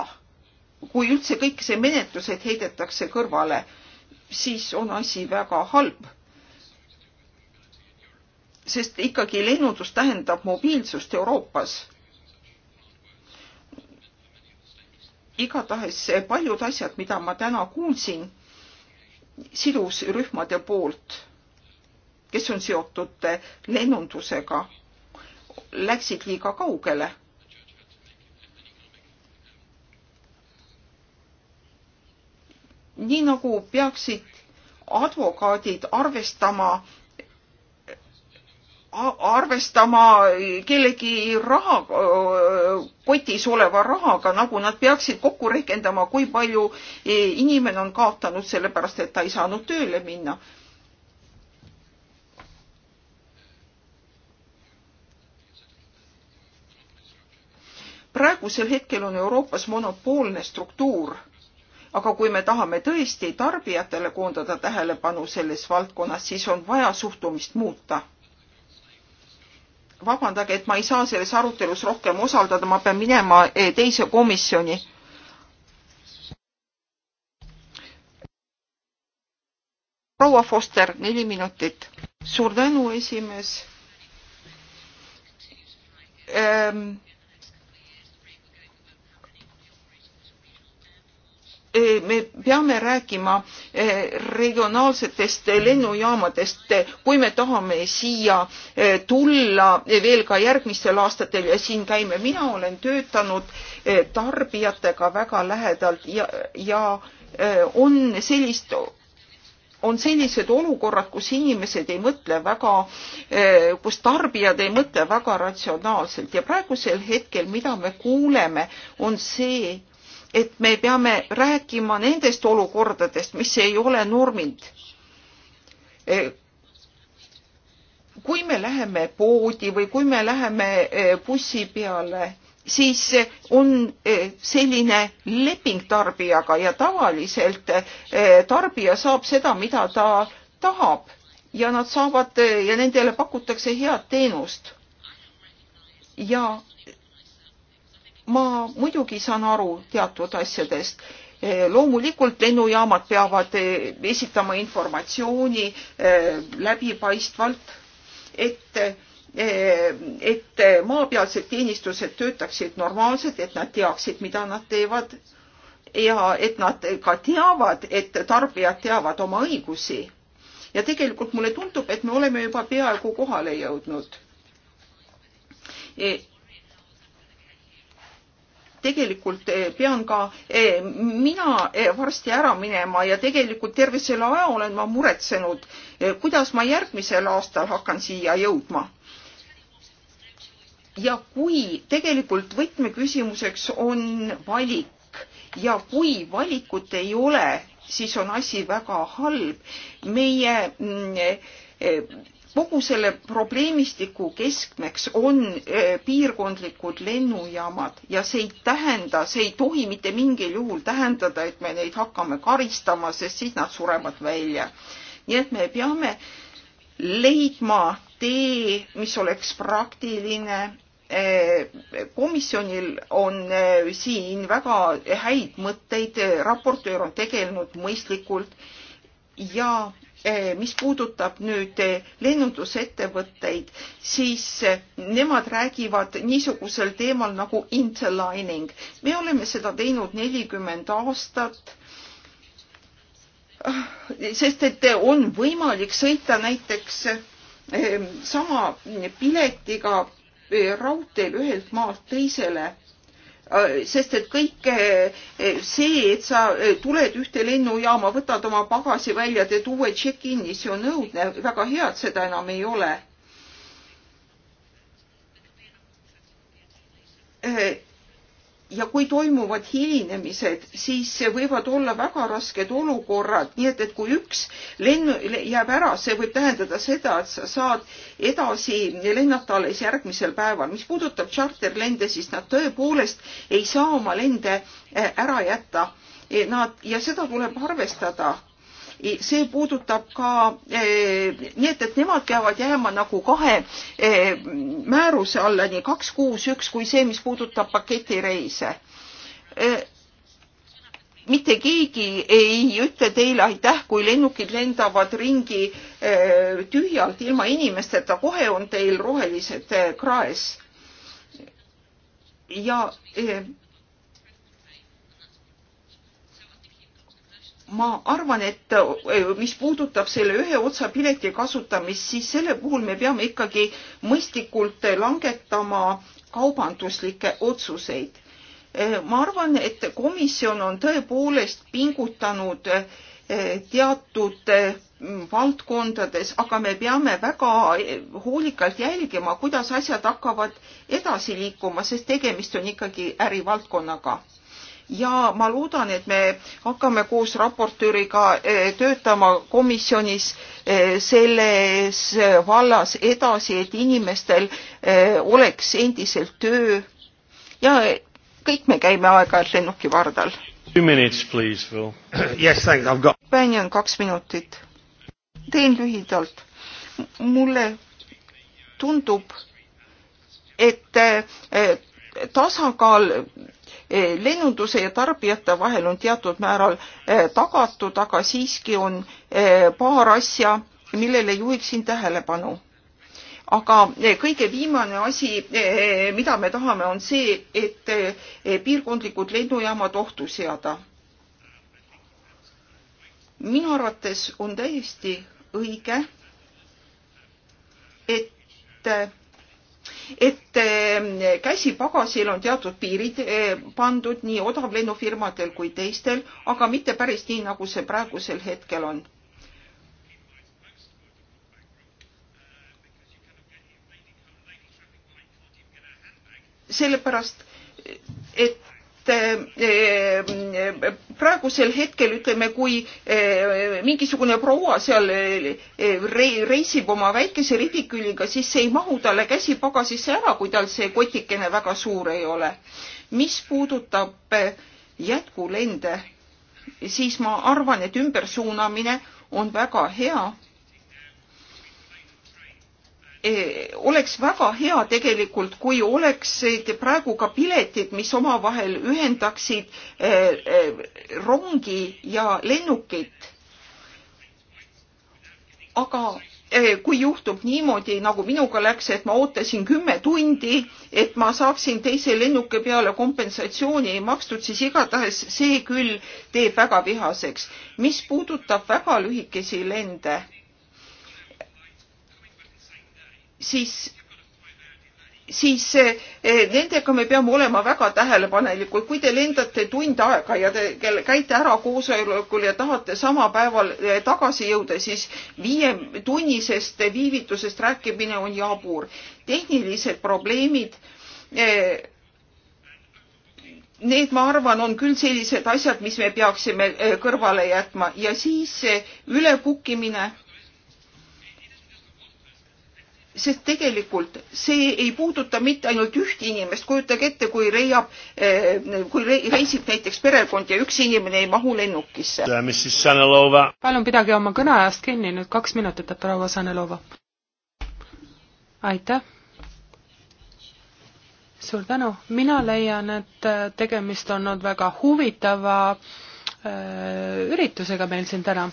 S1: kui üldse kõik see menetlused heidetakse kõrvale, siis on asi väga halb sest ikkagi lennundus tähendab mobiilsust Euroopas. igatahes paljud asjad, mida ma täna kuulsin sidusrühmade poolt, kes on seotud lennundusega, läksid liiga kaugele nii nagu peaksid advokaadid arvestama arvestama kellegi raha, kotis oleva rahaga, nagu nad peaksid kokku rehkendama, kui palju e, inimene on kaotanud sellepärast, et ta ei saanud tööle minna. praegusel hetkel on Euroopas monopoolne struktuur, aga kui me tahame tõesti tarbijatele koondada tähelepanu selles valdkonnas, siis on vaja suhtumist muuta vabandage, et ma ei saa selles arutelus rohkem osaldada, ma pean minema eh, teise komisjoni. proua Foster, neli minutit. suur tänu, esimees ähm,. Eh, me peame rääkima eh, regionaalsetest eh, lennujaamadest, kui me tahame siia tulla veel ka järgmistel aastatel ja siin käime. mina olen töötanud tarbijatega väga lähedalt ja, ja on sellist on sellised olukorrad, kus inimesed ei mõtle väga, kus tarbijad ei mõtle väga ratsionaalselt ja praegusel hetkel, mida me kuuleme, on see, et me peame rääkima nendest olukordadest, mis ei ole normid. kui me läheme poodi või kui me läheme e, bussi peale, siis on e, selline leping tarbijaga ja tavaliselt e, tarbija saab seda, mida ta tahab ja nad saavad ja nendele pakutakse head teenust. ja ma muidugi saan aru teatud asjadest. Eh, loomulikult lennujaamad peavad eh, esitama informatsiooni eh, läbipaistvalt, et et maapealsed teenistused töötaksid normaalselt, et nad teaksid, mida nad teevad ja et nad ka teavad, et tarbijad teavad oma õigusi. ja tegelikult mulle tundub, et me oleme juba peaaegu kohale jõudnud tegelikult eh, pean ka eh, mina eh, varsti ära minema ja tegelikult terve selle aja olen ma muretsenud, kuidas ma järgmisel aastal hakkan siia jõudma. ja kui tegelikult võtmeküsimuseks on valik ja kui valikut ei ole, siis on asi väga halb. meie mm, kogu selle probleemistiku keskmeks on eh, piirkondlikud lennujaamad ja see ei tähenda, see ei tohi mitte mingil juhul tähendada, et me neid hakkame karistama, sest siis nad surevad välja. nii et me peame leidma tee, mis oleks praktiline. Eh, komisjonil on eh, siin väga häid mõtteid, raportöör on tegelenud mõistlikult ja Eh, mis puudutab nüüd eh, lennundusettevõtteid, siis eh, nemad räägivad niisugusel teemal nagu interlining. me oleme seda teinud nelikümmend aastat ah, sest et on võimalik sõita näiteks sama piletiga raudteel ühelt maalt teisele Äh, sest et kõik äh, see, et sa äh, tuled ühte lennujaama, võtad oma pagasi välja, teed uue check-in'i, see on õudne, väga hea, et seda enam ei ole ja kui toimuvad hilinemised, siis võivad olla väga rasked olukorrad, nii et, et kui üks lenn jääb ära, see võib tähendada seda, et sa saad edasi lennata alles järgmisel päeval. mis puudutab tšarterlende, siis nad tõepoolest ei saa oma lende äh, ära jätta. Nad ja seda tuleb arvestada see puudutab ka, e, nii et, et nemad peavad jääma nagu kahe e, määruse alla, nii kaks, kuus, üks kui see, mis puudutab paketireise e, mitte keegi ei ütle teile aitäh, kui lennukid lendavad ringi tühjalt ilma inimesteta, kohe on teil rohelised kraes. ja ma arvan, et eh, mis puudutab selle ühe otsa pileti kasutamist, siis selle puhul me peame ikkagi mõistlikult langetama kaubanduslikke otsuseid. Eh, ma arvan, et komisjon on tõepoolest pingutanud eh, teatud valdkondades, aga me peame väga hoolikalt jälgima, kuidas asjad hakkavad edasi liikuma, sest tegemist on ikkagi ärivaldkonnaga ja ma loodan, et me hakkame koos raportööriga eh, töötama komisjonis eh, selles vallas edasi, et inimestel eh, oleks endiselt töö ja kõik me käime aeg-ajalt lennuki vardal. Benjamin, kaks minutit. teen lühidalt. mulle tundub, et tasakaal Eh, lennunduse ja tarbijate vahel on teatud määral eh, tagatud, aga siiski on eh, paar asja, millele juhiksin tähelepanu. aga kõige viimane asi, mida me tahame, on see, et piirkondlikud lennujaamad ohtu seada. minu arvates on täiesti õige, et et eh, käsipagasil on teatud piirid eh, pandud nii odavlennufirmadel kui teistel, aga mitte päris nii, nagu see praegusel hetkel on. sellepärast, et sest eh, praegusel hetkel ütleme, kui eh, mingisugune proua seal eh, reisib oma väikese ridiküliga, siis see ei mahu talle käsipagasisse ära, kui tal see kotikene väga suur ei ole. mis puudutab jätkulende, siis ma arvan, et ümbersuunamine on väga hea Eh, oleks väga hea tegelikult, kui oleksid praegu ka piletid, mis omavahel ühendaksid eh, eh, rongi ja lennukit. aga kui juhtub niimoodi, nagu minuga läks, et ma ootasin kümme tundi, et ma saaksin teise lennuki peale kompensatsiooni makstud, siis igatahes see küll teeb väga vihaseks. mis puudutab väga lühikesi lende siis siis eh, eh, nendega me peame olema väga tähelepanelikud. kui te lendate tund aega ja te käite ära koosolekul ja tahate sama päeval eh, tagasi jõuda, siis viie tunnisest viivitusest rääkimine on jabur. tehnilised probleemid. Need, ma arvan, on küll sellised asjad, mis me peaksime kõrvale jätma ja siis ülepukkimine sest tegelikult see ei puuduta mitte ainult üht inimest, kujutage ette, kui reiab, eh, kui
S2: reisib näiteks perekond ja üks inimene ei mahu lennukisse. Äh, palun pidage oma kõneajast kinni, nüüd kaks minutit, proua Sanelova. aitäh. suur tänu, mina leian, et äh, tegemist on olnud väga huvitava äh, üritusega meil siin täna.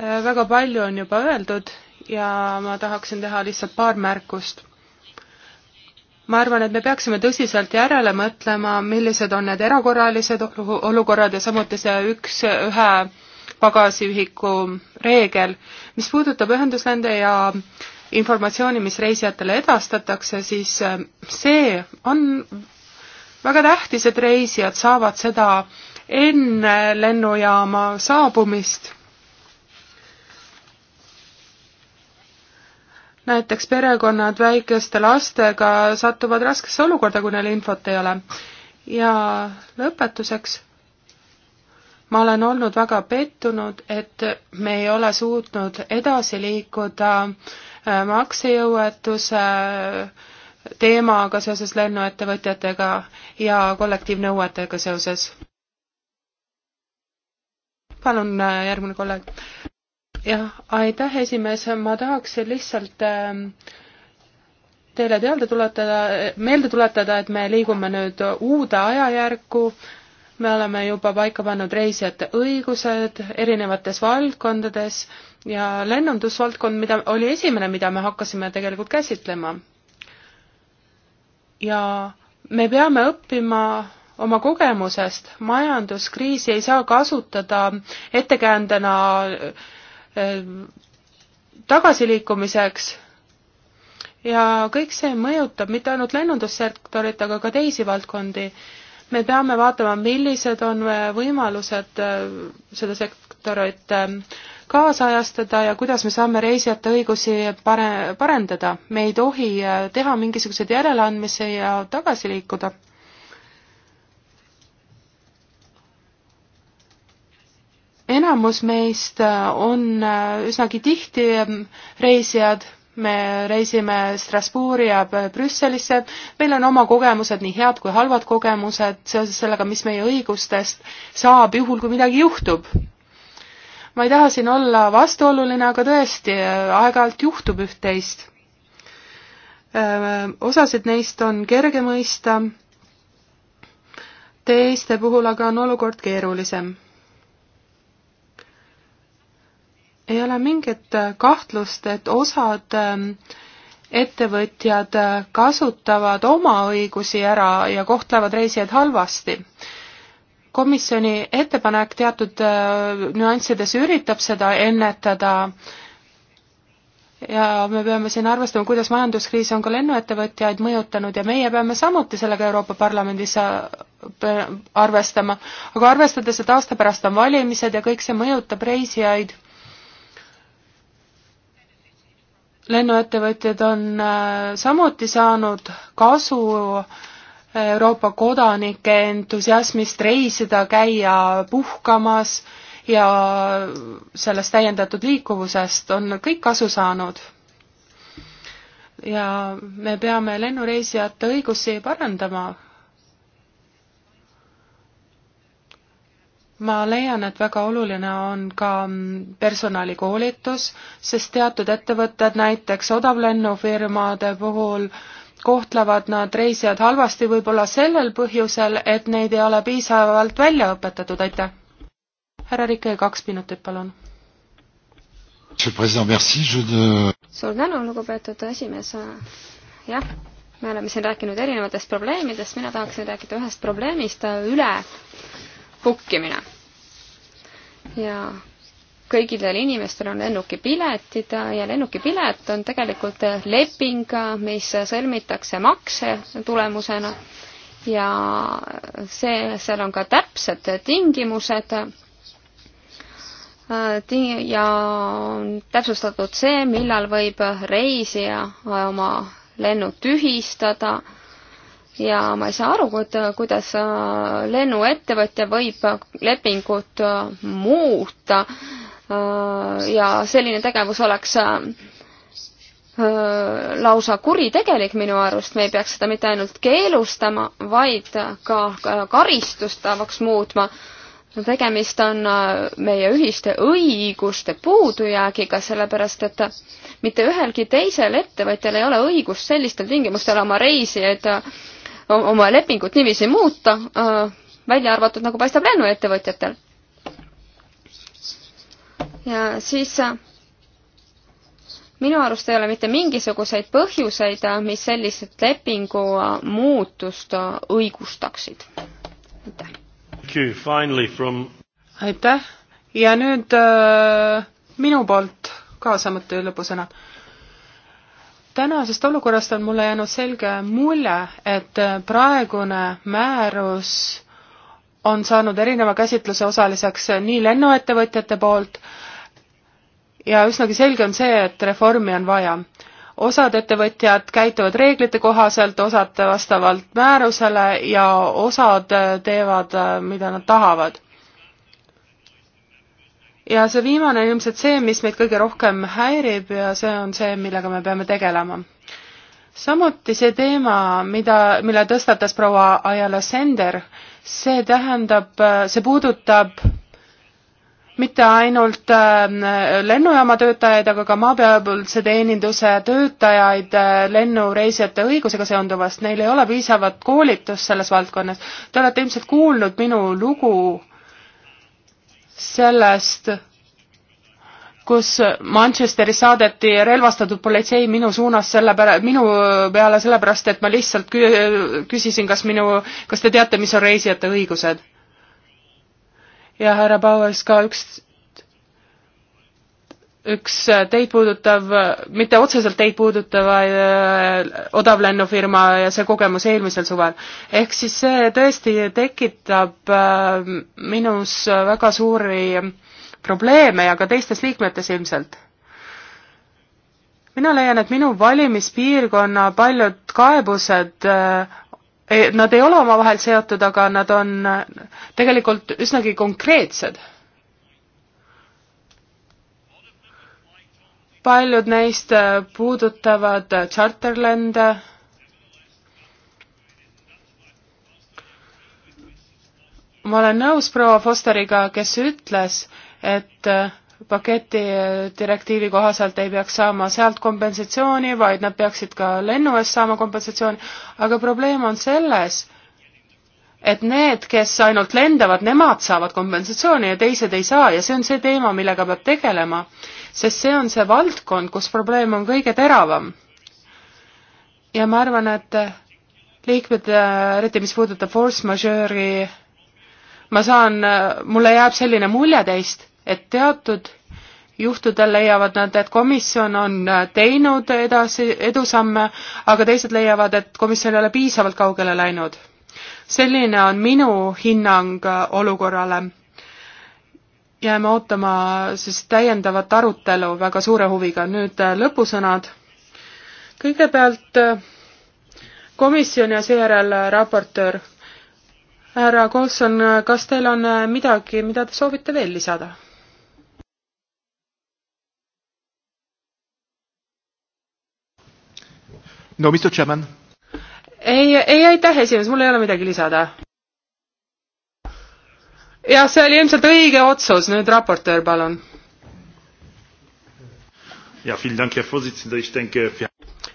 S2: väga palju on juba öeldud ja ma tahaksin teha lihtsalt paar märkust. ma arvan, et me peaksime tõsiselt järele mõtlema, millised on need erakorralised olukorrad ja samuti see üks, ühe pagasiühiku reegel. mis puudutab ühenduslende ja informatsiooni, mis reisijatele edastatakse, siis äh, see on väga tähtis, et reisijad saavad seda enne lennujaama saabumist näiteks perekonnad väikeste lastega satuvad raskesse olukorda, kui neil infot ei ole. ja lõpetuseks, ma olen olnud väga pettunud, et me ei ole suutnud edasi liikuda äh, maksejõuetuse äh, teemaga seoses lennuettevõtjatega ja kollektiivnõuetega seoses palun äh, järgmine kolleeg jah, aitäh, esimees, ma tahaks lihtsalt ähm, teile teada tuletada, meelde tuletada, et me liigume nüüd uude ajajärku, me oleme juba paika pannud reisijate õigused erinevates valdkondades ja lennundusvaldkond, mida, oli esimene, mida me hakkasime tegelikult käsitlema. ja me peame õppima oma kogemusest, majanduskriisi ei saa kasutada ettekäändena äh, Äh, tagasiliikumiseks ja kõik see mõjutab mitte ainult lennundussektorit, aga ka teisi valdkondi. me peame vaatama, millised on võimalused äh, seda sektorit äh, kaasajastada ja kuidas me saame reisijate õigusi pare-, parendada. me ei tohi teha mingisuguseid järeleandmisi ja tagasi liikuda enamus meist äh, on äh, üsnagi tihti ähm, reisijad, me reisime Strasbourgi ja äh, Brüsselisse, meil on oma kogemused, nii head kui halvad kogemused seoses sellega, mis meie õigustest saab, juhul kui midagi juhtub. ma ei taha siin olla vastuoluline, aga tõesti, aeg-ajalt juhtub üht-teist. Osasid neist on kerge mõista, teiste puhul aga on olukord keerulisem ei ole mingit kahtlust, et osad ähm, ettevõtjad äh, kasutavad oma õigusi ära ja kohtlevad reisijaid halvasti. komisjoni ettepanek teatud äh, nüanssides üritab seda ennetada ja me peame siin arvestama, kuidas majanduskriis on ka lennuettevõtjaid mõjutanud ja meie peame samuti sellega Euroopa Parlamendis äh, arvestama. aga arvestades, et aasta pärast on valimised ja kõik see mõjutab reisijaid lennuettevõtjad on äh, samuti saanud kasu Euroopa kodanike entusiasmist reisida, käia puhkamas ja sellest täiendatud liikuvusest on kõik kasu saanud. ja me peame lennureisijate õigusi parandama ma leian, et väga oluline on ka personalikoolitus, sest teatud ettevõtted, näiteks odavlennufirmade puhul, kohtlevad nad reisijad halvasti võib-olla sellel põhjusel, et neid ei ole piisavalt välja õpetatud, aitäh. härra Rikke, kaks minutit, palun.
S4: suur tänu, lugupeetud esimees. jah, me oleme siin rääkinud erinevatest probleemidest, mina tahaksin rääkida ühest probleemist üle bukkimine. ja kõigil inimestel on lennukipiletid ja lennukipilet on tegelikult leping, mis sõlmitakse makse tulemusena ja see, seal on ka täpsed tingimused ja on täpsustatud see, millal võib reisija oma lennu tühistada ja ma ei saa aru, kuidas äh, lennuettevõtja võib lepingut äh, muuta äh, ja selline tegevus oleks lausa kuritegelik minu arust, me ei peaks seda mitte ainult keelustama, vaid ka karistustavaks muutma. tegemist on meie ühiste õiguste puudujäägiga, sellepärast et mitte ühelgi teisel ettevõtjal ei ole õigust sellistel tingimustel oma reisijaid et oma lepingut niiviisi muuta, äh, välja arvatud nagu paistab lennuettevõtjatel. ja siis äh, minu arust ei ole mitte mingisuguseid põhjuseid, äh, mis sellist lepingu muutust õigustaksid. aitäh. aitäh ja nüüd äh,
S2: minu poolt ka samuti lõpusõna tänasest olukorrast on mulle jäänud selge mulje, et äh, praegune määrus on saanud erineva käsitluse osaliseks äh, nii lennuettevõtjate poolt ja üsnagi selge on see, et reformi on vaja. osad ettevõtjad käituvad reeglite kohaselt, osad vastavalt määrusele ja osad äh, teevad, mida nad tahavad ja see viimane on ilmselt see, mis meid kõige rohkem häirib ja see on see, millega me peame tegelema. samuti see teema, mida, mille tõstatas proua Ayala Sender, see tähendab, see puudutab mitte ainult äh, lennujaama töötajaid, aga ka maapealse teeninduse töötajaid äh, lennureisijate õigusega seonduvast, neil ei ole piisavat koolitust selles valdkonnas. Te olete ilmselt kuulnud minu lugu sellest, kus Manchesteri saadeti relvastatud politsei minu suunas selle pära-, minu peale sellepärast, et ma lihtsalt kü-, küsisin, kas minu, kas te teate, mis on reisijate õigused? ja härra Bauers, ka üks üks teid puudutav, mitte otseselt teid puudutav äh, odavlennufirma ja see kogemus eelmisel suvel. ehk siis see tõesti tekitab äh, minus väga suuri probleeme ja ka teistes liikmetes ilmselt. mina leian, et minu valimispiirkonna paljud kaebused äh, e, Nad ei ole omavahel seotud, aga nad on tegelikult üsnagi konkreetsed paljud neist äh, puudutavad tšarterlende. Äh, ma olen nõus proua Fosteriga, kes ütles, et äh, paketi direktiivi kohaselt ei peaks saama sealt kompensatsiooni, vaid nad peaksid ka lennu eest saama kompensatsiooni, aga probleem on selles, et need, kes ainult lendavad, nemad saavad kompensatsiooni ja teised ei saa ja see on see teema, millega peab tegelema sest see on see valdkond, kus probleem on kõige teravam. ja ma arvan, et liikmed, eriti mis puudutab force majeure'i, ma saan, mulle jääb selline mulje teist, et teatud juhtudel leiavad nad, et komisjon on teinud edasi, edusamme, aga teised leiavad, et komisjon ei ole piisavalt kaugele läinud. selline on minu hinnang olukorrale jääme ootama siis täiendavat arutelu väga suure huviga. nüüd äh, lõpusõnad. kõigepealt äh, komisjon ja seejärel äh, raportöör. härra Kolson, kas teil on midagi, mida te soovite veel lisada?
S3: no Mr Chairman.
S2: ei, ei aitäh, esimees, mul ei ole midagi lisada jah, see oli ilmselt õige otsus, nüüd raportöör, palun.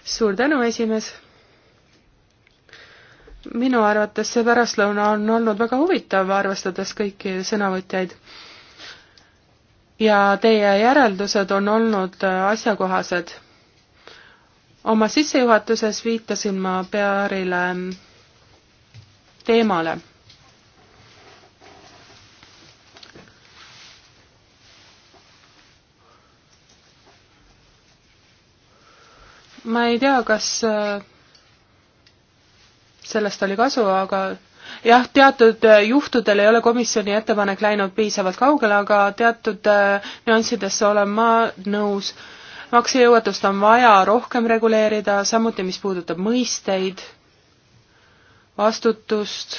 S2: suur tänu, esimees. minu arvates see pärastlõuna on olnud väga huvitav, arvestades kõiki sõnavõtjaid. ja teie järeldused on olnud asjakohased. oma sissejuhatuses viitasin ma paarile teemale ma ei tea, kas äh, sellest oli kasu, aga jah, teatud äh, juhtudel ei ole komisjoni ettepanek läinud piisavalt kaugele, aga teatud äh, nüanssidesse olen ma nõus. maksejõuetust on vaja rohkem reguleerida, samuti mis puudutab mõisteid, vastutust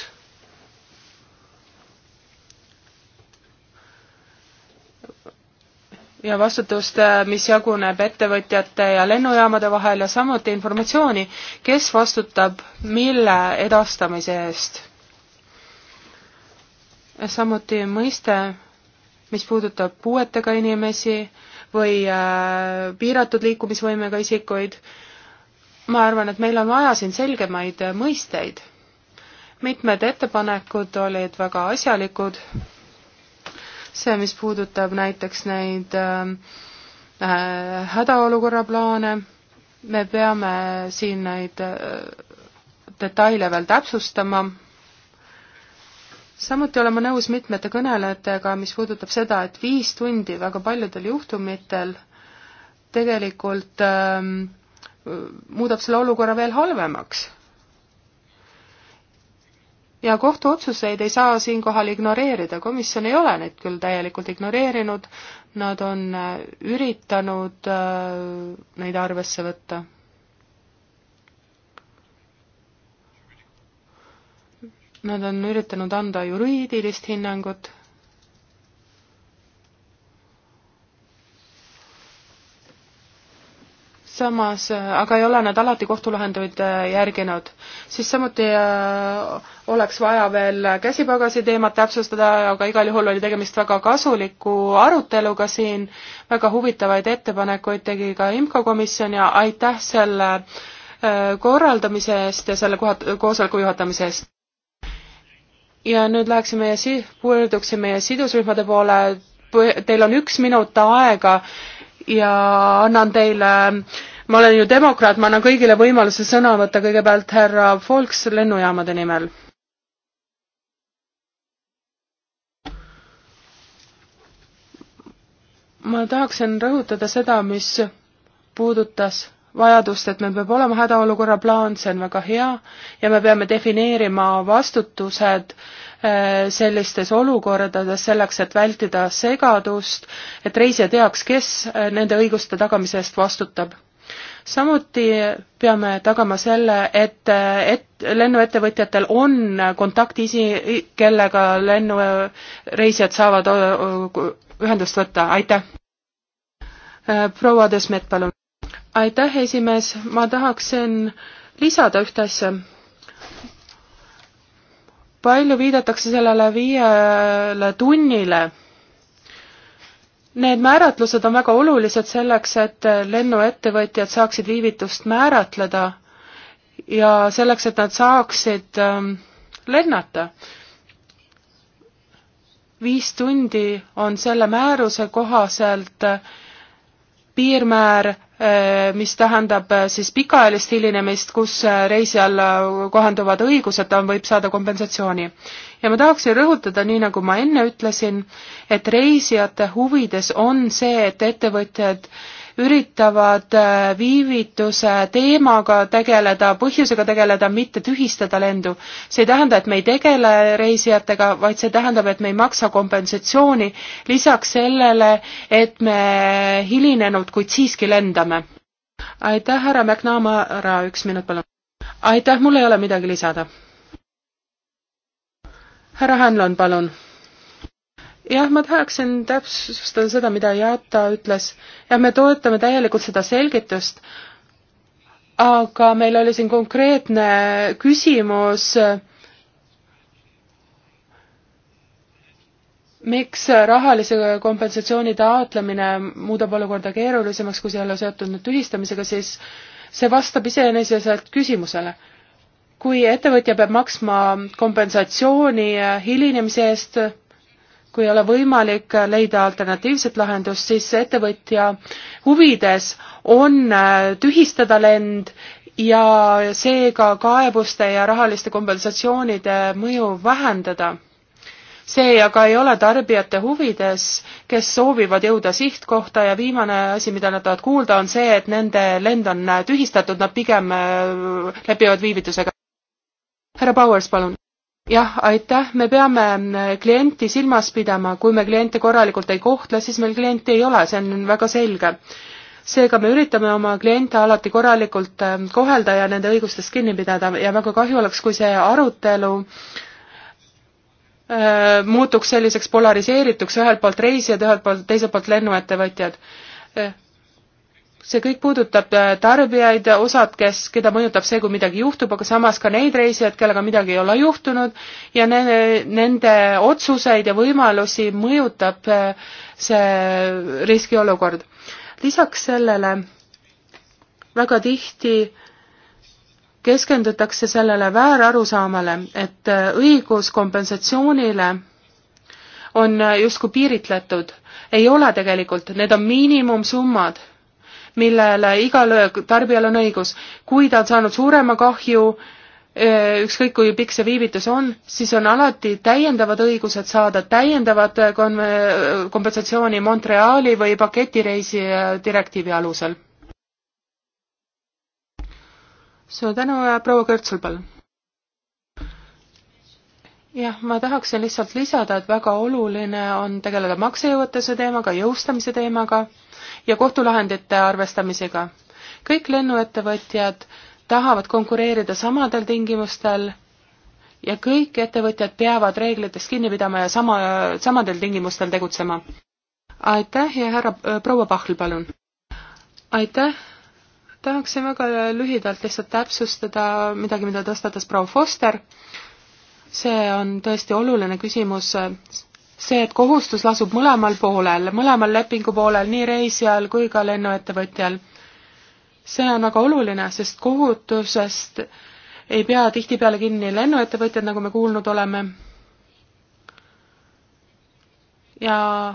S2: ja vastutust, äh, mis jaguneb ettevõtjate ja lennujaamade vahel ja samuti informatsiooni, kes vastutab mille edastamise eest. samuti mõiste, mis puudutab puuetega inimesi või äh, piiratud liikumisvõimega isikuid, ma arvan, et meil on vaja siin selgemaid mõisteid. mitmed ettepanekud olid väga asjalikud see, mis puudutab näiteks neid ähm, äh, hädaolukorra plaane, me peame siin neid äh, detaile veel täpsustama. samuti olen ma nõus mitmete kõnelejatega, mis puudutab seda, et viis tundi väga paljudel juhtumitel tegelikult ähm, muudab selle olukorra veel halvemaks ja kohtuotsuseid ei saa siinkohal ignoreerida, komisjon ei ole neid küll täielikult ignoreerinud, nad on äh, üritanud äh, neid arvesse võtta. Nad on üritanud anda juriidilist hinnangut samas, äh, aga ei ole nad alati kohtulahendeid äh, järginud. siis samuti äh, oleks vaja veel käsipagasi teemat täpsustada, aga igal juhul oli tegemist väga kasuliku aruteluga siin, väga huvitavaid ettepanekuid tegi ka IMCO komisjon ja aitäh selle korraldamise eest ja selle kohat-, koosoleku juhatamise eest. ja nüüd läheksime ja si-, pöörduksime sidusrühmade poole, teil on üks minut aega ja annan teile ma olen ju demokraat, ma annan kõigile võimaluse sõna võtta, kõigepealt härra Folks lennujaamade nimel. ma tahaksin rõhutada seda, mis puudutas vajadust, et meil peab olema hädaolukorra plaan, see on väga hea, ja me peame defineerima vastutused eh, sellistes olukordades selleks, et vältida segadust, et reisija teaks, kes eh, nende õiguste tagamise eest vastutab samuti peame tagama selle, et, et lennuettevõtjatel on kontaktisi, kellega lennureisijad saavad ühendust võtta, aitäh. proua Desmet, palun. aitäh, esimees, ma tahaksin lisada ühte asja. palju viidatakse sellele viiele tunnile Need määratlused on väga olulised selleks, et lennuettevõtjad saaksid viivitust määratleda ja selleks, et nad saaksid ähm, lennata. viis tundi on selle määruse kohaselt äh, piirmäär, eh, mis tähendab eh, siis pikaajalist hilinemist, kus eh, reisijal kohanduvad õigused, ta võib saada kompensatsiooni. ja ma tahaksin rõhutada, nii nagu ma enne ütlesin, et reisijate huvides on see, et ettevõtjad äh, üritavad äh, viivituse teemaga tegeleda, põhjusega tegeleda, mitte tühistada lendu. see ei tähenda, et me ei tegele reisijatega, vaid see tähendab, et me ei maksa kompensatsiooni lisaks sellele, et me hilinenud, kuid siiski lendame. aitäh, härra McNamara, üks minut palun. aitäh, mul ei ole midagi lisada. härra Hänlon, palun jah, ma tahaksin täpsustada seda, mida Jata ütles. jah, me toetame täielikult seda selgitust, aga meil oli siin konkreetne küsimus, miks rahalise kompensatsiooni taotlemine muudab olukorda keerulisemaks, kui see ei ole seotud nüüd tühistamisega, siis see vastab iseenesest küsimusele kui ettevõtja peab maksma kompensatsiooni hilinemise eest, kui ei ole võimalik leida alternatiivset lahendust, siis ettevõtja huvides on äh, tühistada lend ja seega kaebuste ja rahaliste kompensatsioonide mõju vähendada see aga ei ole tarbijate huvides, kes soovivad jõuda sihtkohta ja viimane asi, mida nad tahavad kuulda, on see, et nende lend on äh, tühistatud, nad pigem äh, lepivad viivitusega. härra Powers, palun jah, aitäh, me peame mm, klienti silmas pidama, kui me kliente korralikult ei kohtle, siis meil klienti ei ole, see on väga selge. seega me üritame oma kliente alati korralikult mm, kohelda ja nende õigustest kinni pidada ja väga kahju oleks, kui see arutelu mm, äh, muutuks selliseks polariseerituks, ühelt poolt reisijad, ühelt poolt, teiselt poolt lennuettevõtjad äh see kõik puudutab äh, tarbijaid, osad, kes, keda mõjutab see, kui midagi juhtub, aga samas ka neid reisijaid, kellega midagi ei ole juhtunud ja ne, nende otsuseid ja võimalusi mõjutab äh, see riskiolukord. lisaks sellele väga tihti keskendutakse sellele väärarusaamale, et äh, õigus kompensatsioonile on justkui piiritletud, ei ole tegelikult, need on miinimumsummad millele igal tarbijal on õigus. kui ta on saanud suurema kahju, eh, ükskõik kui pikk see viivitus on, siis on alati täiendavad õigused saada täiendavat eh, eh, kompensatsiooni Montreali või paketireisi direktiivi alusel. suur tänu ja proua Kõrtsul, palun! jah, ma tahaksin lihtsalt lisada, et väga oluline on tegeleda maksejõuetuse teemaga, jõustamise teemaga ja kohtulahendite arvestamisega. kõik lennuettevõtjad tahavad konkureerida samadel tingimustel ja kõik ettevõtjad peavad reeglitest kinni pidama ja sama, samadel tingimustel tegutsema. aitäh ja härra äh, proua Pahl, palun. aitäh, tahaksin väga lühidalt lihtsalt täpsustada midagi, mida tõstatas proua Foster see on tõesti oluline küsimus, see, et kohustus lasub mõlemal poolel, mõlemal lepingu poolel, nii reisijal kui ka lennuettevõtjal. see on väga oluline, sest kohutusest ei pea tihtipeale kinni lennuettevõtjad, nagu me kuulnud oleme. ja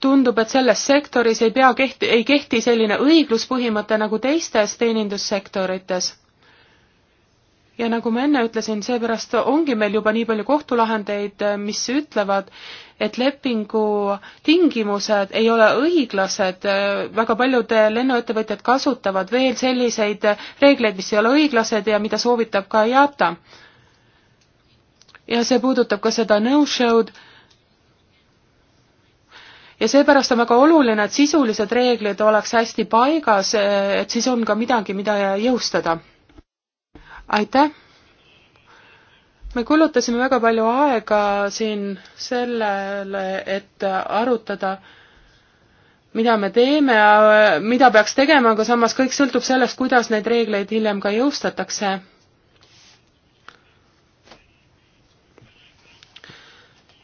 S2: tundub, et selles sektoris ei pea kehti, ei kehti selline õigluspõhimõte nagu teistes teenindussektorites ja nagu ma enne ütlesin, seepärast ongi meil juba nii palju kohtulahendeid, mis ütlevad, et lepingu tingimused ei ole õiglased, väga paljud lennuettevõtjad kasutavad veel selliseid reegleid, mis ei ole õiglased ja mida soovitab ka IATA. ja see puudutab ka seda no-show'd ja seepärast on väga oluline, et sisulised reeglid oleks hästi paigas, et siis on ka midagi, mida jõustada aitäh! me kulutasime väga palju aega siin sellele, et arutada, mida me teeme, äh, mida peaks tegema, aga samas kõik sõltub sellest, kuidas neid reegleid hiljem ka jõustatakse.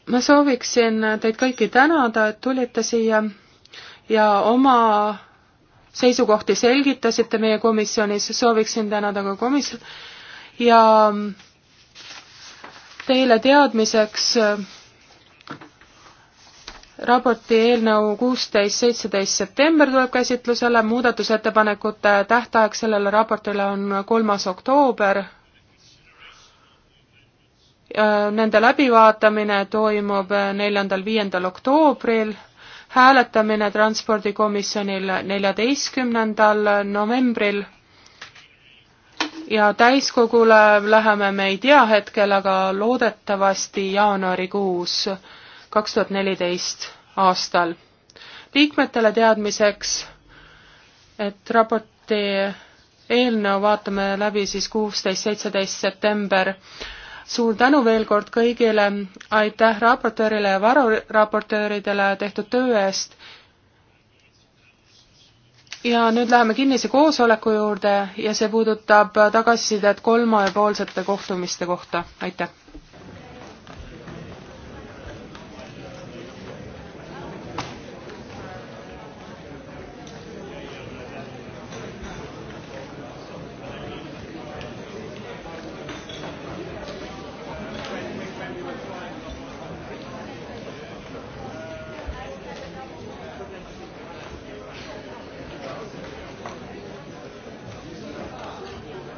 S2: ma sooviksin teid kõiki tänada, et tulite siia ja oma seisukohti selgitasite meie komisjonis, sooviksin tänada ka komisjoni ja teile teadmiseks raporti eelnõu kuusteist, seitseteist september tuleb käsitlusele, muudatusettepanekute tähtaeg sellele raportile on kolmas oktoober. Nende läbivaatamine toimub neljandal, viiendal oktoobril, hääletamine transpordikomisjonil neljateistkümnendal novembril ja täiskogule läheme me ei tea hetkel, aga loodetavasti jaanuarikuus kaks tuhat neliteist aastal. liikmetele teadmiseks, et raporti eelnõu vaatame läbi siis kuusteist, seitseteist september. suur tänu veel kord kõigile, aitäh raportöörile ja varuraportööridele tehtud töö eest ja nüüd läheme kinnise koosoleku juurde ja see puudutab tagasisidet kolmapoolsete kohtumiste kohta, aitäh!